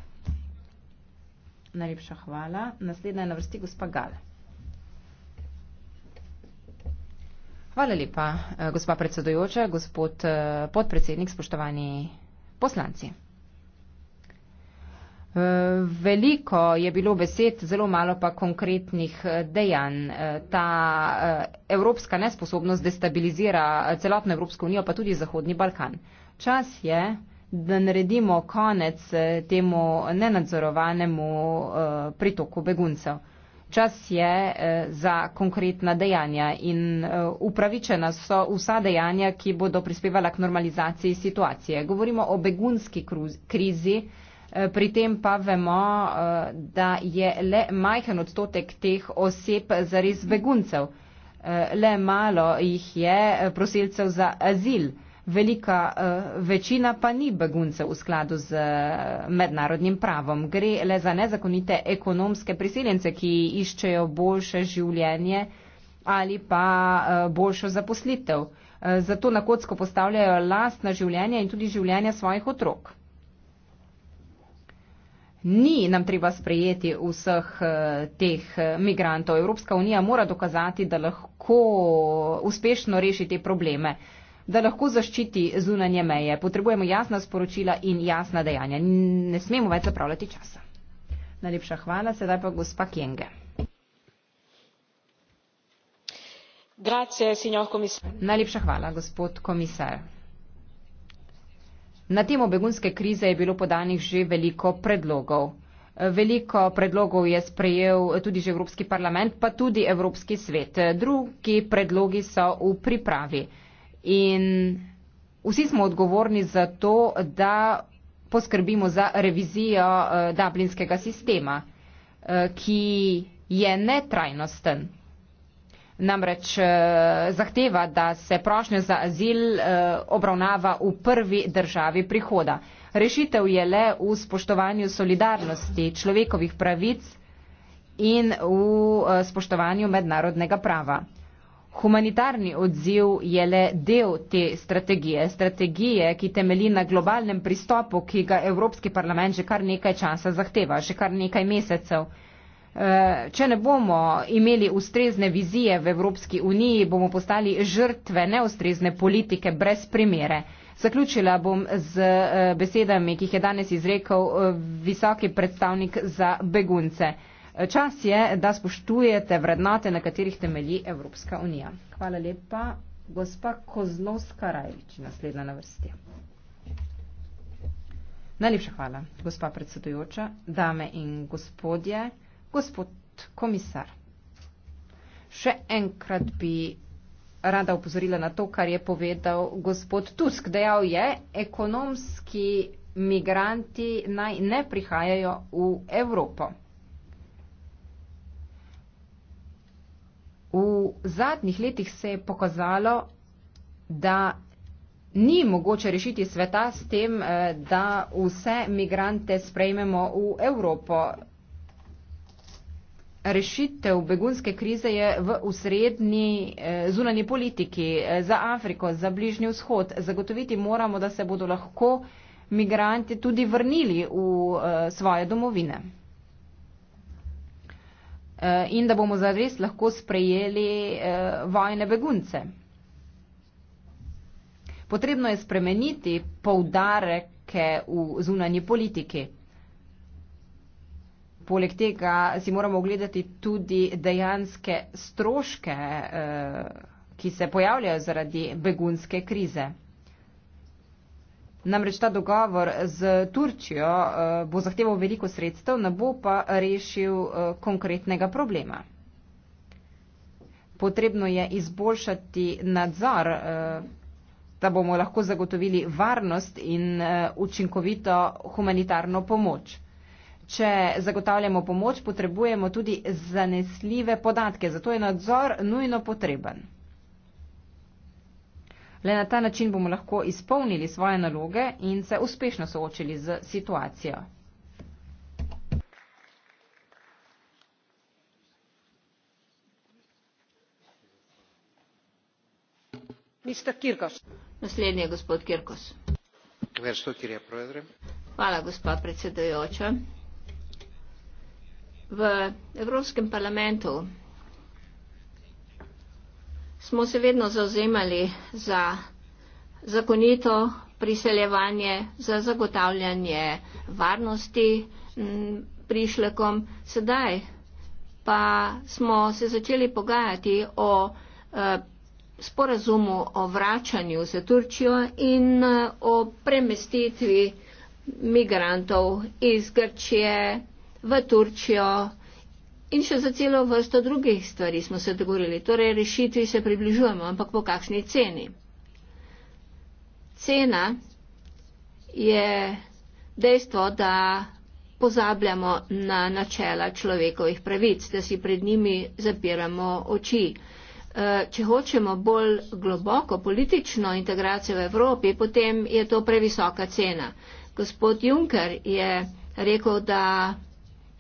Najlepša hvala. Naslednja je na vrsti gospa Gal. Hvala lepa, eh, gospa predsedojoča, gospod eh, podpredsednik, spoštovani poslanci. Eh, veliko je bilo besed, zelo malo pa konkretnih dejanj. Ta evropska nesposobnost destabilizira celotno Evropsko unijo, pa tudi Zahodni Balkan. Čas je, da naredimo konec eh, temu nenadzorovanemu eh, pritoku beguncev. Čas je eh, za konkretna dejanja in upravičena so vsa dejanja, ki bodo prispevala k normalizaciji situacije. Govorimo o begunski krizi, pri tem pa vemo, da je le majhen odstotek teh oseb zares beguncev. Le malo jih je prosilcev za azil velika eh, večina pa ni beguncev v skladu z eh, mednarodnim pravom. Gre le za nezakonite ekonomske priseljence, ki iščejo boljše življenje ali pa eh, boljšo zaposlitev. Zato na kocko postavljajo lastna življenja in tudi življenja svojih otrok. Ni nam treba sprejeti vseh teh migrantov. Evropska unija mora dokazati, da lahko uspešno reši te probleme da lahko zaščiti zunanje meje. Potrebujemo jasna sporočila in jasna dejanja. Ne smemo več zapravljati časa. Najlepša hvala, sedaj pa gospa Kjenge. Grazie, Najlepša hvala, gospod komisar. Na temo begunske krize je bilo podanih že veliko predlogov. Veliko predlogov je sprejel tudi že Evropski parlament, pa tudi Evropski svet. Drugi predlogi so v pripravi. In vsi smo odgovorni za to, da poskrbimo za revizijo eh, dublinskega sistema, eh, ki je netrajnosten. Namreč eh, zahteva, da se prošnja za azil obravnava v prvi državi prihoda. Rešitev je le v spoštovanju solidarnosti človekovih pravic in v spoštovanju mednarodnega prava. Humanitarni odziv je le del te strategije, strategije, ki temelji na globalnem pristopu, ki ga Evropski parlament že kar nekaj časa zahteva, že kar nekaj mesecev. Eh, če ne bomo imeli ustrezne vizije v Evropski uniji, bomo postali žrtve neustrezne politike brez primere. Zaključila bom z eh, besedami, ki jih je danes izrekel eh, visoki predstavnik za begunce. Čas je, da spoštujete vrednote, na katerih temelji Evropska unija. Hvala lepa. Gospa Kozlovska Rajvič, naslednja na vrsti. Najlepša hvala, gospa predsedujoča, dame in gospodje, gospod komisar. Še enkrat bi rada upozorila na to, kar je povedal gospod Tusk. Dejal je, ekonomski migranti naj ne prihajajo v Evropo. V zadnjih letih se je pokazalo, da ni mogoče rešiti sveta s tem, eh, da vse migrante sprejmemo v Evropo. Rešitev begunske krize je v usrednji eh, zunanji politiki eh, za Afriko, za bližnji vzhod. Zagotoviti moramo, da se bodo lahko migranti tudi vrnili v svoje domovine. Eh, in da bomo zares lahko sprejeli eh, vojne begunce. Potrebno je spremeniti poudareke v zunanji politiki. Poleg tega si moramo ogledati tudi dejanske stroške, eh, ki se pojavljajo zaradi begunske krize. Namreč ta dogovor z Turčijo eh, bo zahteval veliko sredstev, ne bo pa rešil eh, konkretnega problema. Potrebno je izboljšati nadzor, eh, da bomo lahko zagotovili varnost in učinkovito humanitarno pomoč. Če zagotavljamo pomoč, potrebujemo tudi zanesljive podatke, zato je nadzor nujno potreben. Le na ta način bomo lahko izpolnili svoje naloge in se uspešno soočili z situacijo. Naslednji je gospod Kirkos. Hvala, gospa predsedujoča. V Evropskem parlamentu smo se vedno zauzemali za zakonito priseljevanje, za zagotavljanje varnosti prišlekom. Sedaj pa smo se začeli pogajati o eh, sporazumu o vračanju za Turčijo in eh, o premestitvi migrantov iz Grčije v Turčijo. In še za celo vrsto drugih stvari smo se dogovorili, torej rešitvi se približujemo, ampak po kakšni ceni. Cena je dejstvo, da pozabljamo na načela človekovih pravic, da si pred njimi zapiramo oči. E, če hočemo bolj globoko politično integracijo v Evropi, potem je to previsoka cena. Gospod Juncker je rekel, da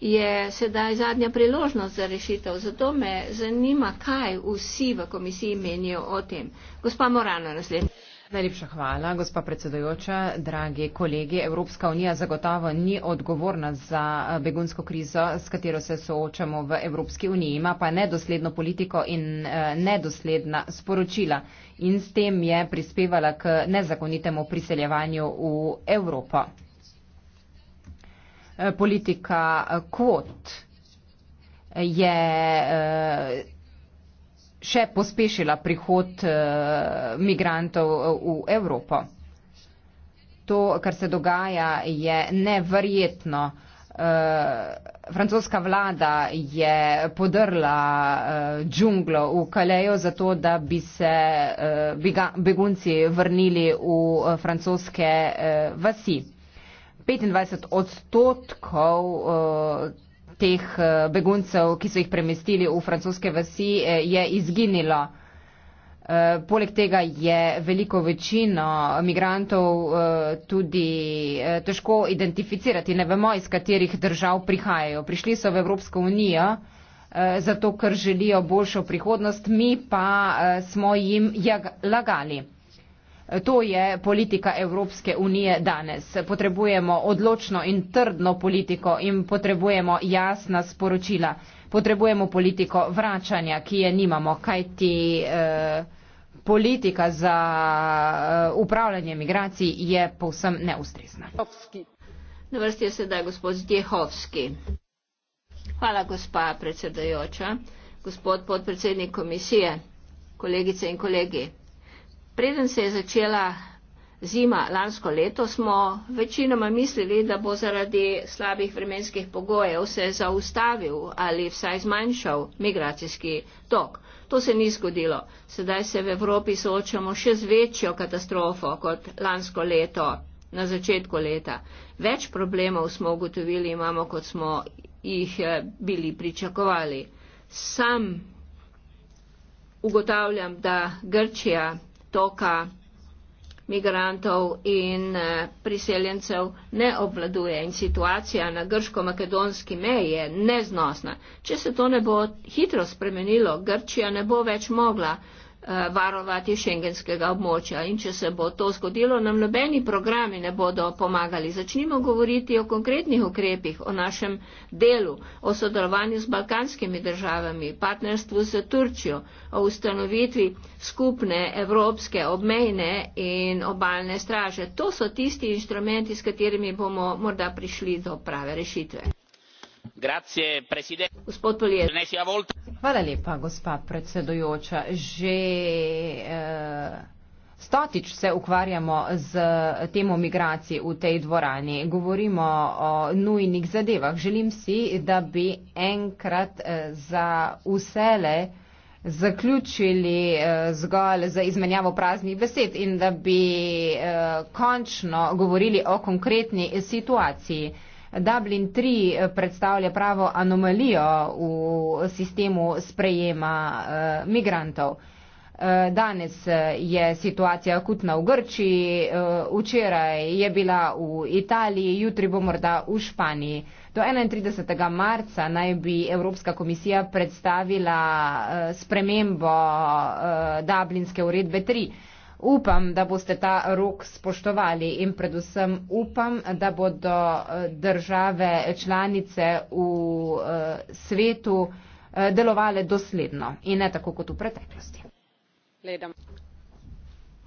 je sedaj zadnja priložnost za rešitev. Zato me zanima, kaj vsi v komisiji menijo o tem. Gospa Morano, naslednji. Najlepša hvala, gospa predsedojoča, dragi kolegi. Evropska unija zagotovo ni odgovorna za eh, begunsko krizo, s katero se soočamo v Evropski uniji. Ima pa nedosledno politiko in eh, nedosledna sporočila in s tem je prispevala k nezakonitemu priseljevanju v Evropo. Eh, politika eh, kvot eh, je še pospešila prihod migrantov v Evropo. To, kar se dogaja, je neverjetno. Francoska vlada je podrla džunglo v Kalejo zato, da bi se bega, begunci vrnili v francoske vasi. 25 odstotkov eh, teh eh, beguncev, ki so jih premestili v francoske vasi, eh, je izginilo. Poleg tega je veliko večino migrantov tudi težko identificirati. Ne vemo, iz katerih držav prihajajo. Prišli so v Evropsko unijo, zato ker želijo boljšo prihodnost, mi pa smo jim lagali. To je politika Evropske unije danes. Potrebujemo odločno in trdno politiko in potrebujemo jasna sporočila. Potrebujemo politiko vračanja, ki je nimamo, kajti eh, politika za eh, upravljanje migracij je povsem neustrezna. Na vrsti je sedaj gospod Zdjehovski. Hvala, gospa predsedajoča. Gospod podpredsednik komisije, kolegice in kolegi. Preden se je začela zima lansko leto, smo večinoma mislili, da bo zaradi slabih vremenskih pogojev se zaustavil ali vsaj zmanjšal migracijski tok. To se ni zgodilo. Sedaj se v Evropi soočamo še z večjo katastrofo kot lansko leto, na začetku leta. Več problemov smo ugotovili imamo, kot smo jih eh, bili pričakovali. Sam ugotavljam, da Grčija toka migrantov in eh, priseljencev ne obvladuje in situacija na grško-makedonski meji je neznosna. Če se to ne bo hitro spremenilo, Grčija ne bo več mogla Eh, varovati šengenskega območja. In če se bo to zgodilo, nam nobeni programi ne bodo pomagali. Začnimo govoriti o konkretnih ukrepih, o našem delu, o sodelovanju z balkanskimi državami, partnerstvu z Turčijo, o ustanovitvi skupne evropske obmejne in obaljne straže. To so tisti inštrumenti, s katerimi bomo morda prišli do prave rešitve hvala lepa gospa predsedujoča že eh, stotič se ukvarjamo z temo migracij v tej dvorani govorimo o nujnih zadevah želim si da bi enkrat eh, za vsele zaključili eh, zgolj za izmenjavo praznih besed in da bi končno govorili o konkretni situaciji. Dublin 3 eh, predstavlja pravo anomalijo v sistemu sprejema eh, migrantov. Eh, danes je situacija akutna v Grčiji, včeraj je bila v Italiji, jutri bo morda v Španiji. Do 31. marca naj bi Evropska komisija predstavila spremembo Dublinske uredbe 3. Upam, da boste ta rok spoštovali in predvsem upam, da bodo eh, države članice v eh, svetu eh, delovale dosledno in ne tako kot v preteklosti. Ledam.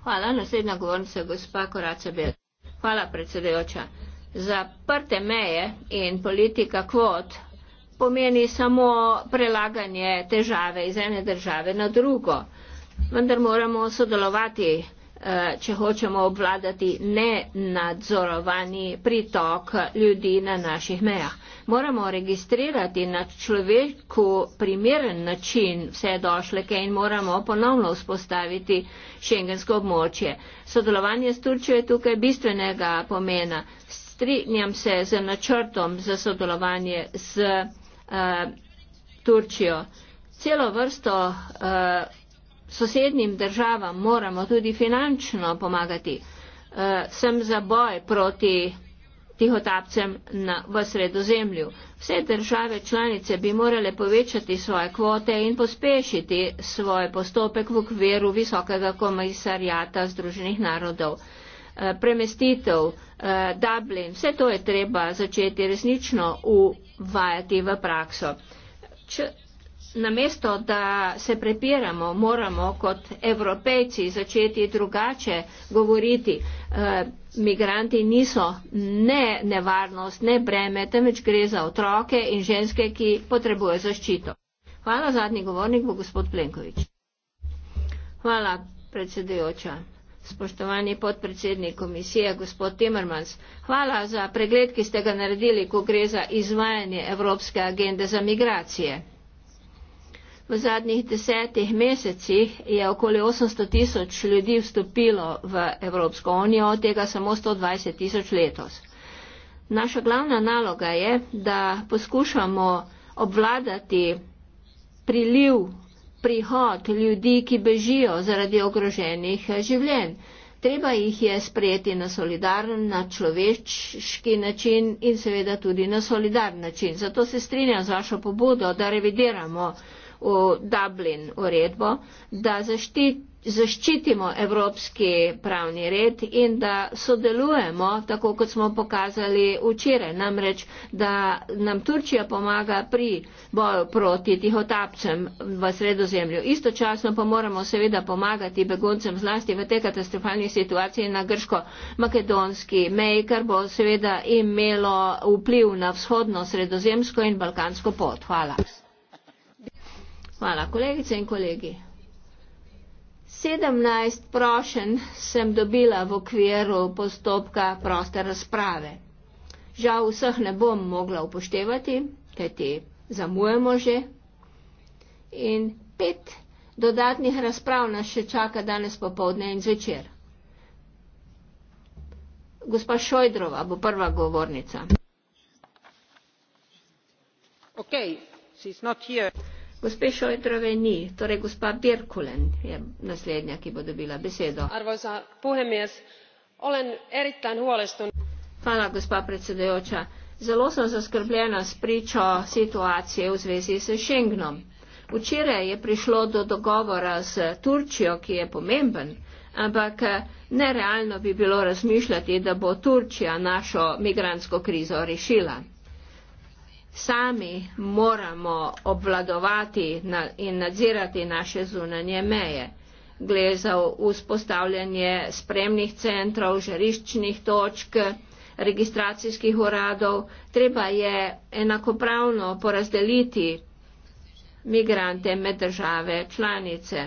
Hvala, naslednja govornica je gospa Koraca Bel. Hvala, predsedujoča. Zaprte meje in politika kvot pomeni samo prelaganje težave iz ene države na drugo vendar moramo sodelovati, eh, če hočemo obvladati nenadzorovani pritok ljudi na naših mejah. Moramo registrirati na človeku primeren način vse došleke in moramo ponovno vzpostaviti šengensko območje. Sodelovanje s Turčijo je tukaj bistvenega pomena. Strinjam se z načrtom za sodelovanje z uh, Turčijo. Celo vrsto uh, sosednjim državam moramo tudi finančno pomagati. E, sem za boj proti tihotapcem na, v sredozemlju. Vse države članice bi morale povečati svoje kvote in pospešiti svoj postopek v okviru Visokega komisarjata Združenih narodov. E, premestitev e, Dublin, vse to je treba začeti resnično uvajati v prakso. Če, namesto da se prepiramo, moramo kot evropejci začeti drugače govoriti. E, migranti niso ne nevarnost, ne breme, temveč gre za otroke in ženske, ki potrebujejo zaščito. Hvala, zadnji govornik bo gospod Plenković. Hvala, predsedujoča. Spoštovani podpredsednik komisije, gospod Timmermans, hvala za pregled, ki ste ga naredili, ko gre za izvajanje Evropske agende za migracije. V zadnjih desetih mesecih je okoli 800 tisoč ljudi vstopilo v Evropsko unijo, od tega samo 120 tisoč letos. Naša glavna naloga je, da poskušamo obvladati priliv, prihod ljudi, ki bežijo zaradi ogroženih eh, življenj. Treba jih je sprejeti na solidaren, na človeški način in seveda tudi na solidaren način. Zato se strinjam z vašo pobudo, da revidiramo v Dublin uredbo, da zaščiti, zaščitimo evropski pravni red in da sodelujemo, tako kot smo pokazali včeraj, namreč, da nam Turčija pomaga pri boju proti tihotapcem v sredozemlju. Istočasno pa moramo seveda pomagati beguncem zlasti v tej katastrofalni situaciji na grško-makedonski mej, kar bo seveda imelo vpliv na vzhodno sredozemsko in balkansko pot. Hvala. Hvala, kolegice in kolegi. 17 prošen sem dobila v okviru postopka proste razprave. Žal vseh ne bom mogla upoštevati, kaj ti zamujemo že. In pet dodatnih razprav nas še čaka danes popovdne in zvečer. Gospa Šojdrova bo prva govornica. Okay, she's not here. Gospe Šojtrove ni, torej gospa Birkulen je naslednja, ki bo dobila besedo. Arvoisa puhemies, olen erittäin huolestunut. Hvala, gospa predsedujoča. Zelo sem zaskrbljena s pričo situacije v zvezi s Schengenom. Včeraj je prišlo do dogovora z Turčijo, ki je pomemben, ampak nerealno bi bilo razmišljati, da bo Turčija našo migransko krizo rešila sami moramo obvladovati in nadzirati naše zunanje meje. Gre za vzpostavljanje spremnih centrov, žariščnih točk, registracijskih uradov. Treba je enakopravno porazdeliti migrante med države članice.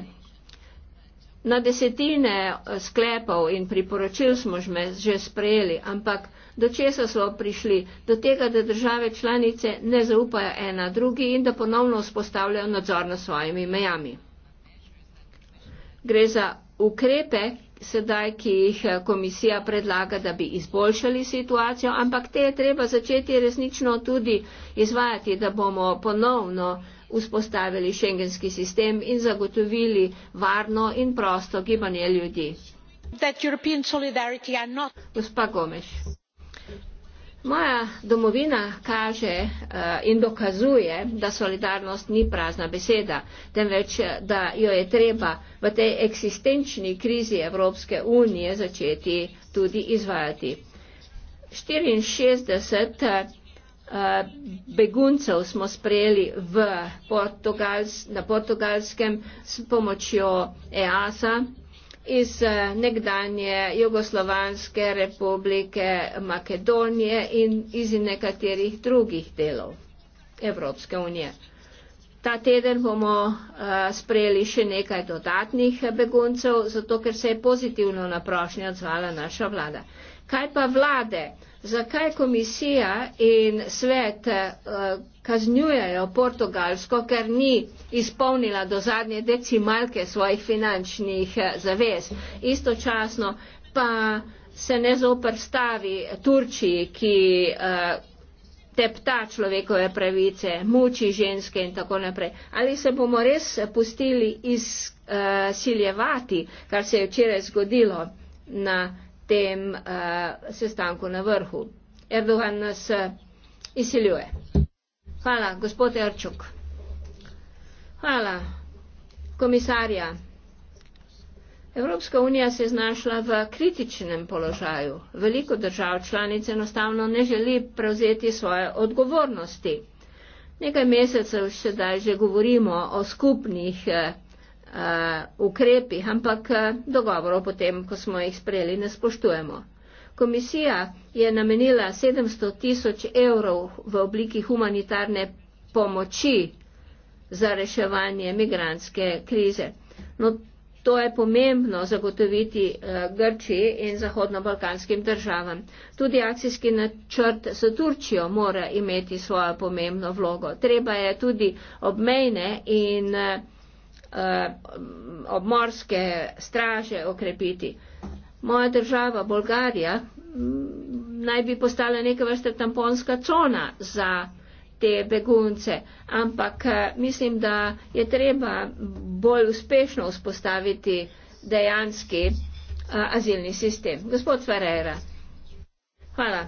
Na desetine sklepov in priporočil smo že sprejeli, ampak Do česa so prišli? Do tega, da države članice ne zaupajo ena drugi in da ponovno vzpostavljajo nadzor nad svojimi mejami. Gre za ukrepe sedaj, ki jih eh, komisija predlaga, da bi izboljšali situacijo, ampak te je treba začeti resnično tudi izvajati, da bomo ponovno vzpostavili šengenski sistem in zagotovili varno in prosto gibanje ljudi. Gospa Gomeš. Moja domovina kaže eh, in dokazuje, da solidarnost ni prazna beseda, temveč, eh, da jo je treba v tej eksistenčni krizi Evropske unije začeti tudi izvajati. 64 eh, beguncev smo sprejeli v Portugals, na portugalskem s pomočjo EASA, iz eh, nekdanje Jugoslovanske republike Makedonije in iz nekaterih drugih delov Evropske unije. Ta teden bomo eh, sprejeli še nekaj dodatnih beguncev, zato ker se je pozitivno na prošnje odzvala naša vlada. Kaj pa vlade? Zakaj komisija in svet eh, kaznjujejo Portugalsko, ker ni izpolnila do zadnje decimalke svojih finančnih eh, zavez. Istočasno pa se ne zoprstavi Turčiji, ki eh, tepta človekove pravice, muči ženske in tako naprej. Ali se bomo res pustili izsiljevati, kar se je včeraj zgodilo na tem eh, sestanku na vrhu? Erdogan nas izsiljuje. Hvala, gospod Erčuk. Hvala, komisarja. Evropska unija se je znašla v kritičnem položaju. Veliko držav članic enostavno ne želi prevzeti svoje odgovornosti. Nekaj mesecev še daj že govorimo o skupnih uh, ukrepih, ampak eh, dogovorov potem, ko smo jih sprejeli, ne spoštujemo. Komisija je namenila 700 tisoč evrov v obliki humanitarne pomoči za reševanje migranske krize. No, to je pomembno zagotoviti eh, Grčiji in zahodno-balkanskim državam. Tudi akcijski načrt s Turčijo mora imeti svojo pomembno vlogo. Treba je tudi obmejne in eh, eh, obmorske straže okrepiti moja država Bolgarija naj bi postala neka vrsta tamponska cona za te begunce, ampak eh, mislim, da je treba bolj uspešno vzpostaviti dejanski eh, azilni sistem. Gospod Ferreira. Hvala.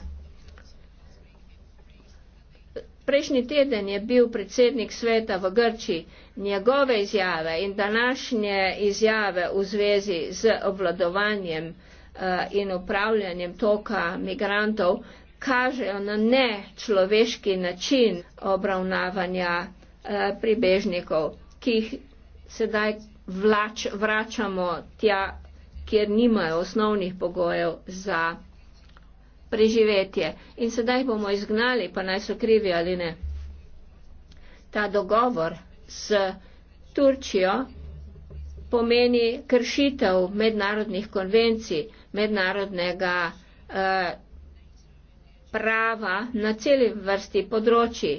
Prejšnji teden je bil predsednik sveta v Grčiji njegove izjave in današnje izjave v zvezi z obvladovanjem eh, in upravljanjem toka migrantov kažejo na nečloveški način obravnavanja eh, pribežnikov, ki jih sedaj vlač, vračamo tja, kjer nimajo osnovnih pogojev za preživetje. In sedaj jih bomo izgnali, pa naj so krivi ali ne. Ta dogovor s Turčijo pomeni kršitev mednarodnih konvencij, mednarodnega eh, prava na celi vrsti področji.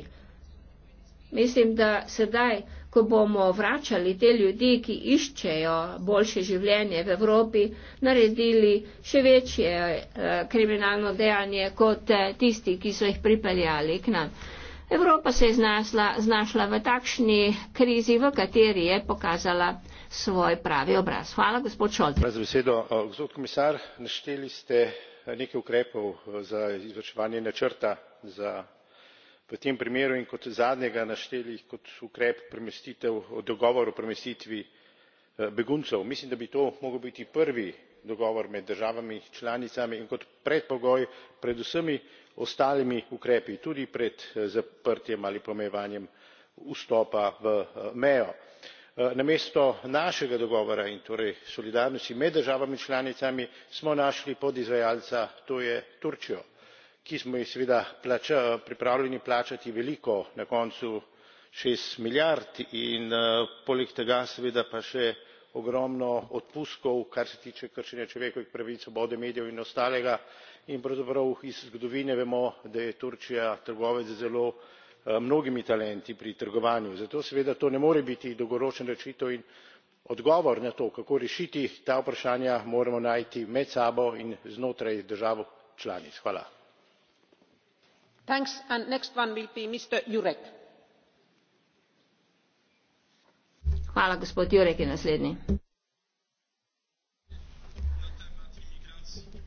Mislim, da sedaj, ko bomo vračali te ljudi, ki iščejo boljše življenje v Evropi, naredili še večje eh, kriminalno dejanje kot eh, tisti, ki so jih pripeljali k nam. Eh, Evropa se je znašla, znašla v takšni krizi, v kateri je pokazala svoj pravi obraz. Hvala, gospod Šoltes. Hvala za besedo. Eh, gospod komisar, našteli ste eh, nekaj ukrepov eh, za izvrševanje načrta za v tem primeru in kot zadnjega našteli kot ukrep premestitev, dogovor o premestitvi beguncev. Mislim, da bi to mogel biti prvi dogovor med državami članicami in kot predpogoj pred vsemi ostalimi ukrepi tudi pred eh, zaprtjem ali pa omejevanjem vstopa v eh, mejo. Eh, namesto našega dogovora in torej solidarnosti med državami članicami smo našli podizvajalca to je turčijo ki smo ji seveda pripravljeni plačati veliko na koncu šest milijard in poleg tega seveda pa še ogromno odpustkov kar se tiče kršenja človekovih pravic svobode medijev in ostalega in pravzaprav iz zgodovine vemo da je turčija trgovec z zelo eh, mnogimi talenti pri trgovanju zato seveda to ne more biti dolgoročna rešitev in odgovor na to kako rešiti ta vprašanja moramo najti med sabo in znotraj držav članic.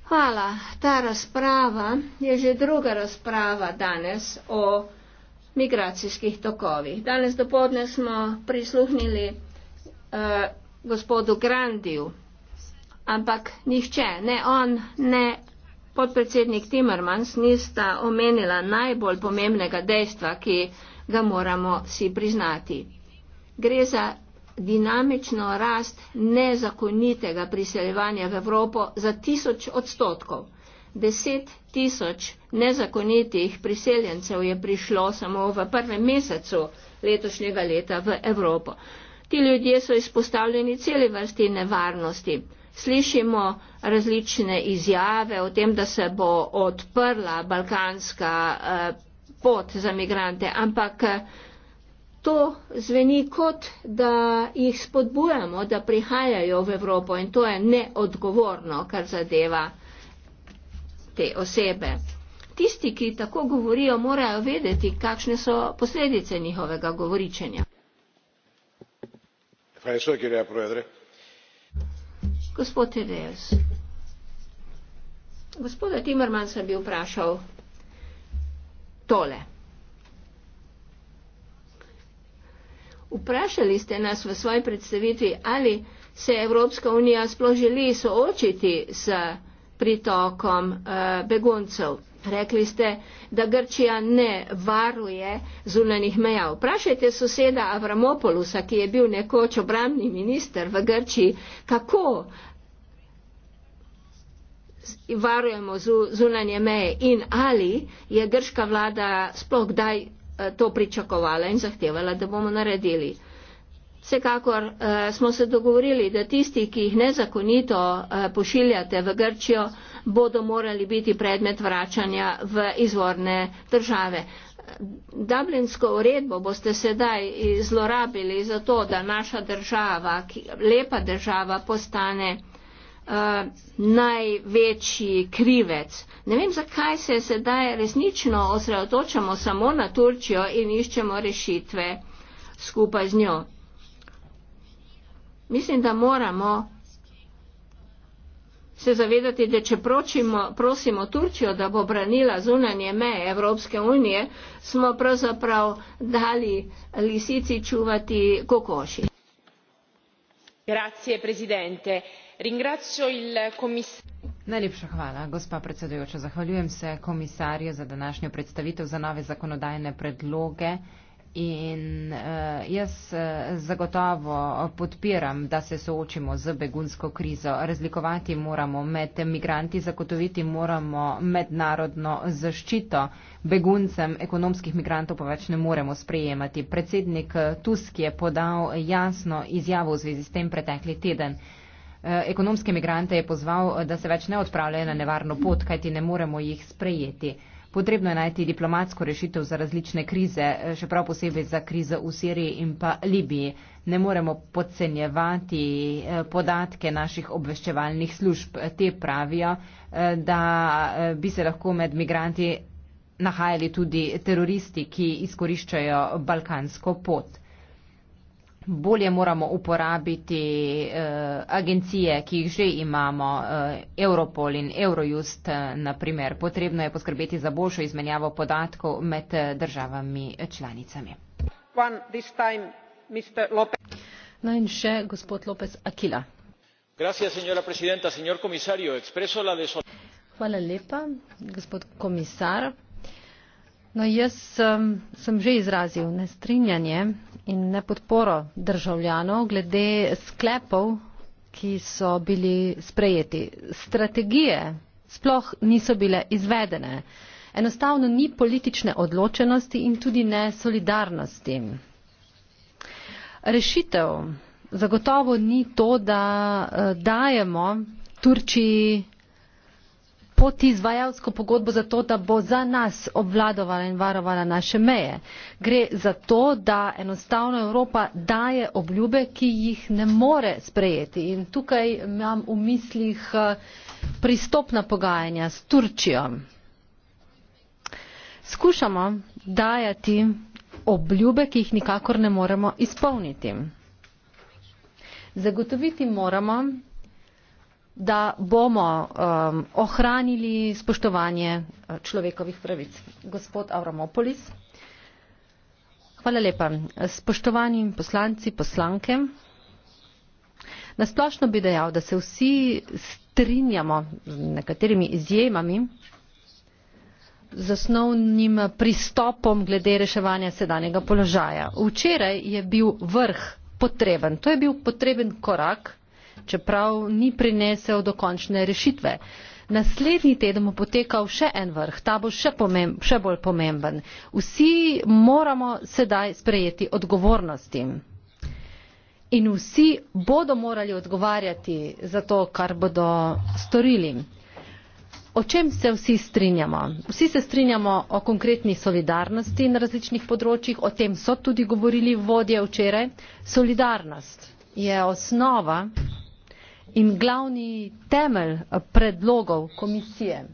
Hvala. Ta razprava je že druga razprava danes o migracijskih tokovih. Danes dopodne smo prisluhnili eh, gospodu Grandiju, ampak nihče, ne on, ne podpredsednik Timmermans nista omenila najbolj pomembnega dejstva, ki ga moramo si priznati. Gre za dinamično rast nezakonitega priseljevanja v Evropo za tisoč odstotkov. Deset tisoč nezakonitih priseljencev je prišlo samo v prvem mesecu letošnjega leta v Evropo. Ti ljudje so izpostavljeni celi vrsti nevarnosti. Slišimo različne izjave o tem, da se bo odprla balkanska eh, pot za migrante, ampak eh, to zveni kot, da jih spodbujamo, da prihajajo v Evropo in to je neodgovorno, kar zadeva te osebe. Tisti, ki tako govorijo, morajo vedeti, kakšne so posledice njihovega govoričenja. Gospod Tedejus. Gospoda Timerman sem bi vprašal tole. Vprašali ste nas v svoji predstavitvi, ali se Evropska unija sploh želi soočiti s pritokom eh, beguncev. Rekli ste, da Grčija ne varuje zunanih meja. Vprašajte soseda Avramopolusa, ki je bil nekoč obramni minister v Grčiji, kako varujemo zunanje meje in ali je grška vlada sploh kdaj Eh, to pričakovala in zahtevala, da bomo naredili. Vsekakor eh, smo se dogovorili, da tisti, ki jih nezakonito eh, pošiljate v Grčijo, bodo morali biti predmet vračanja v izvorne države. Dublinsko uredbo boste sedaj zlorabili za to, da naša država, ki, lepa država, postane eh, največji krivec. Ne vem, zakaj se sedaj resnično osredotočamo samo na Turčijo in iščemo rešitve skupaj z njo. Mislim, da moramo se zavedati, da če pročimo, prosimo Turčijo, da bo branila zunanje meje Evropske unije, smo pravzaprav dali lisici čuvati kokoši. Grazie, presidente najlepša hvala gospa predsedujoča zahvaljujem se komisarju za današnjo predstavitev za nove zakonodajne predloge in eh, jaz eh, zagotovo podpiram da se soočimo z begunsko krizo razlikovati moramo med migranti zagotoviti moramo mednarodno zaščito beguncem ekonomskih migrantov pa več ne moremo sprejemati predsednik eh, tusk je podal jasno izjavo v zvezi s tem pretekli teden Eh, ekonomske migrante je pozval, eh, da se več ne odpravljajo na nevarno pot, kajti ne moremo jih sprejeti. Potrebno je najti diplomatsko rešitev za različne krize, eh, še prav posebej za krizo v Siriji in pa Libiji. Ne moremo podcenjevati podatke naših obveščevalnih služb. Te pravijo, da bi se lahko med migranti nahajali tudi teroristi, ki izkoriščajo balkansko pot bolje moramo uporabiti uh, agencije, ki jih že imamo, uh, Europol in Eurojust, uh, eh, naprimer. Potrebno je poskrbeti za boljšo izmenjavo podatkov med državami članicami. One, time, no in še gospod Lopez Akila. Gracias, Hvala lepa, gospod komisar. No, jaz sem, um, sem že izrazil nestrinjanje in nepodporo državljanov glede sklepov, ki so bili sprejeti. Strategije sploh niso bile izvedene. Enostavno ni politične odločenosti in tudi ne solidarnosti. Rešitev zagotovo ni to, da eh, dajemo Turčiji podizvajalsko pogodbo zato, da bo za nas obvladovala in varovala naše meje. Gre za to, da enostavno Evropa daje obljube, ki jih ne more sprejeti. In tukaj imam v mislih eh, pristopna pogajanja s Turčijo. Skušamo dajati obljube, ki jih nikakor ne moremo izpolniti. Zagotoviti moramo, da bomo um, ohranili spoštovanje uh, človekovih pravic. Gospod Avramopolis. Hvala lepa. Spoštovani poslanci, poslanke. Nasplošno bi dejal, da se vsi strinjamo z nekaterimi izjemami, z osnovnim pristopom glede reševanja sedanjega položaja. Včeraj je bil vrh potreben. To je bil potreben korak čeprav ni prinesel dokončne rešitve. Naslednji teden bo potekal še en vrh, ta bo še, pomemb, še bolj pomemben. Vsi moramo sedaj sprejeti odgovornosti. In vsi bodo morali odgovarjati za to, kar bodo storili. O čem se vsi strinjamo? Vsi se strinjamo o konkretni solidarnosti na različnih področjih, o tem so tudi govorili vodje včeraj. Solidarnost je osnova in glavni temelj eh, predlogov komisije.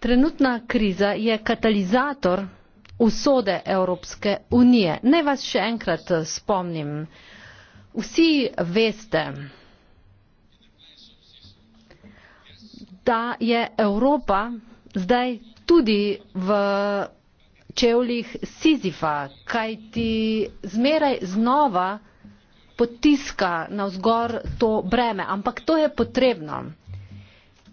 Trenutna kriza je katalizator usode Evropske unije. Naj vas še enkrat eh, spomnim. Vsi veste, da je Evropa zdaj tudi v čevljih Sizifa, kajti zmeraj znova potiska navzgor to breme, ampak to je potrebno.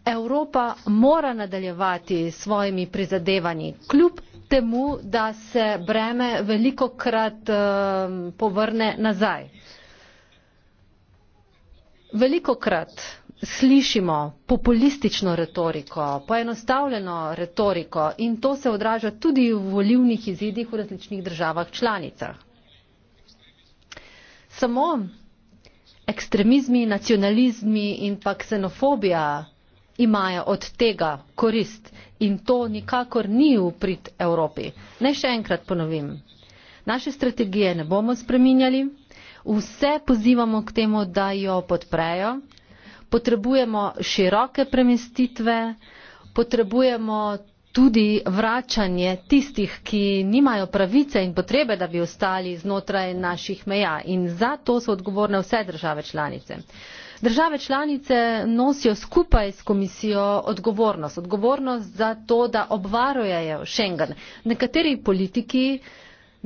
Evropa mora nadaljevati svojimi prizadevanji, kljub temu, da se breme veliko krat um, eh, povrne nazaj. Veliko krat slišimo populistično retoriko, poenostavljeno retoriko in to se odraža tudi v volivnih izidih v različnih državah članicah samo ekstremizmi, nacionalizmi in pa ksenofobija imajo od tega korist in to nikakor ni v prid Evropi. Naj še enkrat ponovim. Naše strategije ne bomo spreminjali, vse pozivamo k temu, da jo podprejo. Potrebujemo široke premestitve, potrebujemo tudi vračanje tistih, ki nimajo pravice in potrebe, da bi ostali znotraj naših meja. In za to so odgovorne vse države članice. Države članice nosijo skupaj s komisijo odgovornost. Odgovornost za to, da obvarujajo Schengen. Nekateri politiki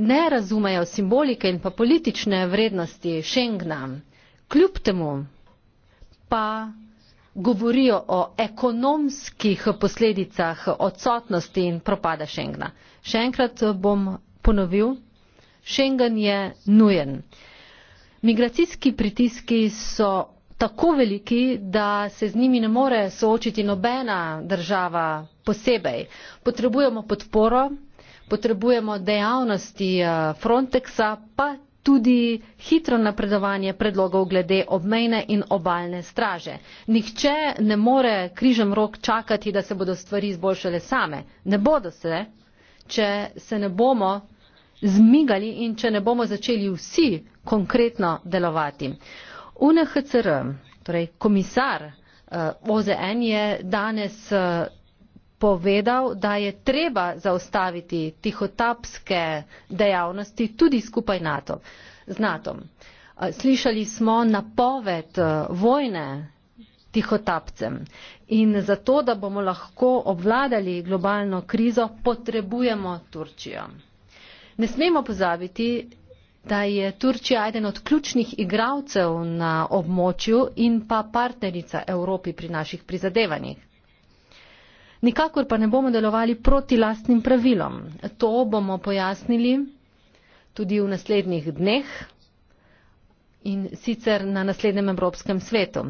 ne razumejo simbolike in pa politične vrednosti Schengna. Kljub temu pa govorijo o ekonomskih posledicah odsotnosti in propada Schengna. Še enkrat bom ponovil, Schengen je nujen. Migracijski pritiski so tako veliki, da se z njimi ne more soočiti nobena država posebej. Potrebujemo podporo, potrebujemo dejavnosti eh, Frontexa, pa tudi hitro napredovanje predlogov glede obmejne in obaljne straže. Nihče ne more križem rok čakati, da se bodo stvari izboljšale same. Ne bodo se, če se ne bomo zmigali in če ne bomo začeli vsi konkretno delovati. UNHCR, torej komisar eh, OZN je danes eh, povedal, da je treba zaustaviti tihotapske dejavnosti tudi skupaj NATO z NATO. Slišali smo napoved vojne tihotapcem in zato, da bomo lahko obvladali globalno krizo, potrebujemo Turčijo. Ne smemo pozabiti, da je Turčija eden od ključnih igralcev na območju in pa partnerica Evropi pri naših prizadevanjih. Nikakor pa ne bomo delovali proti lastnim pravilom. To bomo pojasnili tudi v naslednjih dneh in sicer na naslednjem Evropskem svetu.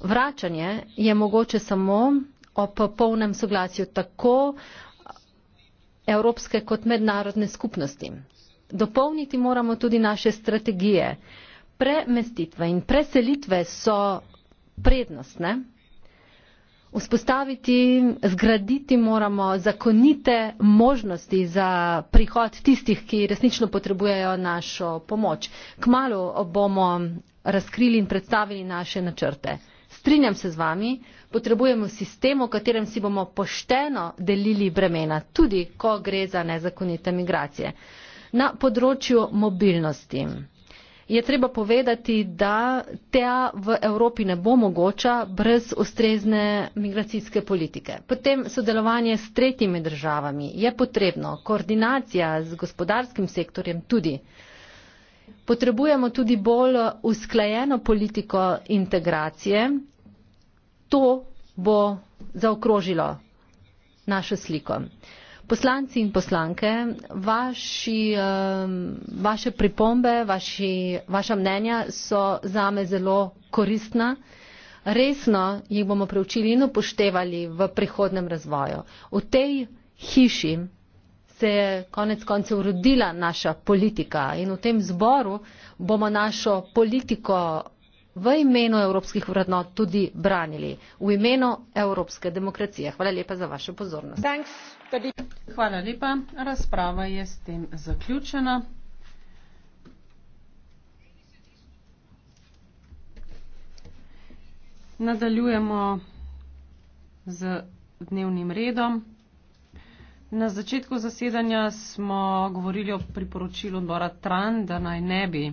Vračanje je mogoče samo ob polnem soglasju tako evropske kot mednarodne skupnosti. Dopolniti moramo tudi naše strategije. Premestitve in preselitve so prednostne. Ne? Vzpostaviti, zgraditi moramo zakonite možnosti za prihod tistih, ki resnično potrebujejo našo pomoč. Kmalo bomo razkrili in predstavili naše načrte. Strinjam se z vami, potrebujemo sistem, v katerem si bomo pošteno delili bremena, tudi ko gre za nezakonite migracije. Na področju mobilnosti je treba povedati, da ta v Evropi ne bo mogoča brez ustrezne migracijske politike. Potem sodelovanje s tretjimi državami je potrebno, koordinacija z gospodarskim sektorjem tudi. Potrebujemo tudi bolj usklajeno politiko integracije. To bo zaokrožilo našo sliko. Poslanci in poslanke, vaši, vaše pripombe, vaši, vaša mnenja so zame zelo koristna. Resno jih bomo preučili in upoštevali v prihodnem razvoju. V tej hiši se je konec konca urodila naša politika in v tem zboru bomo našo politiko v imenu evropskih vrednot tudi branili, v imenu evropske demokracije. Hvala lepa za vašo pozornost. Thanks. Hvala lepa. Razprava je s tem zaključena. Nadaljujemo z dnevnim redom. Na začetku zasedanja smo govorili o priporočilu odbora Tran, da naj ne bi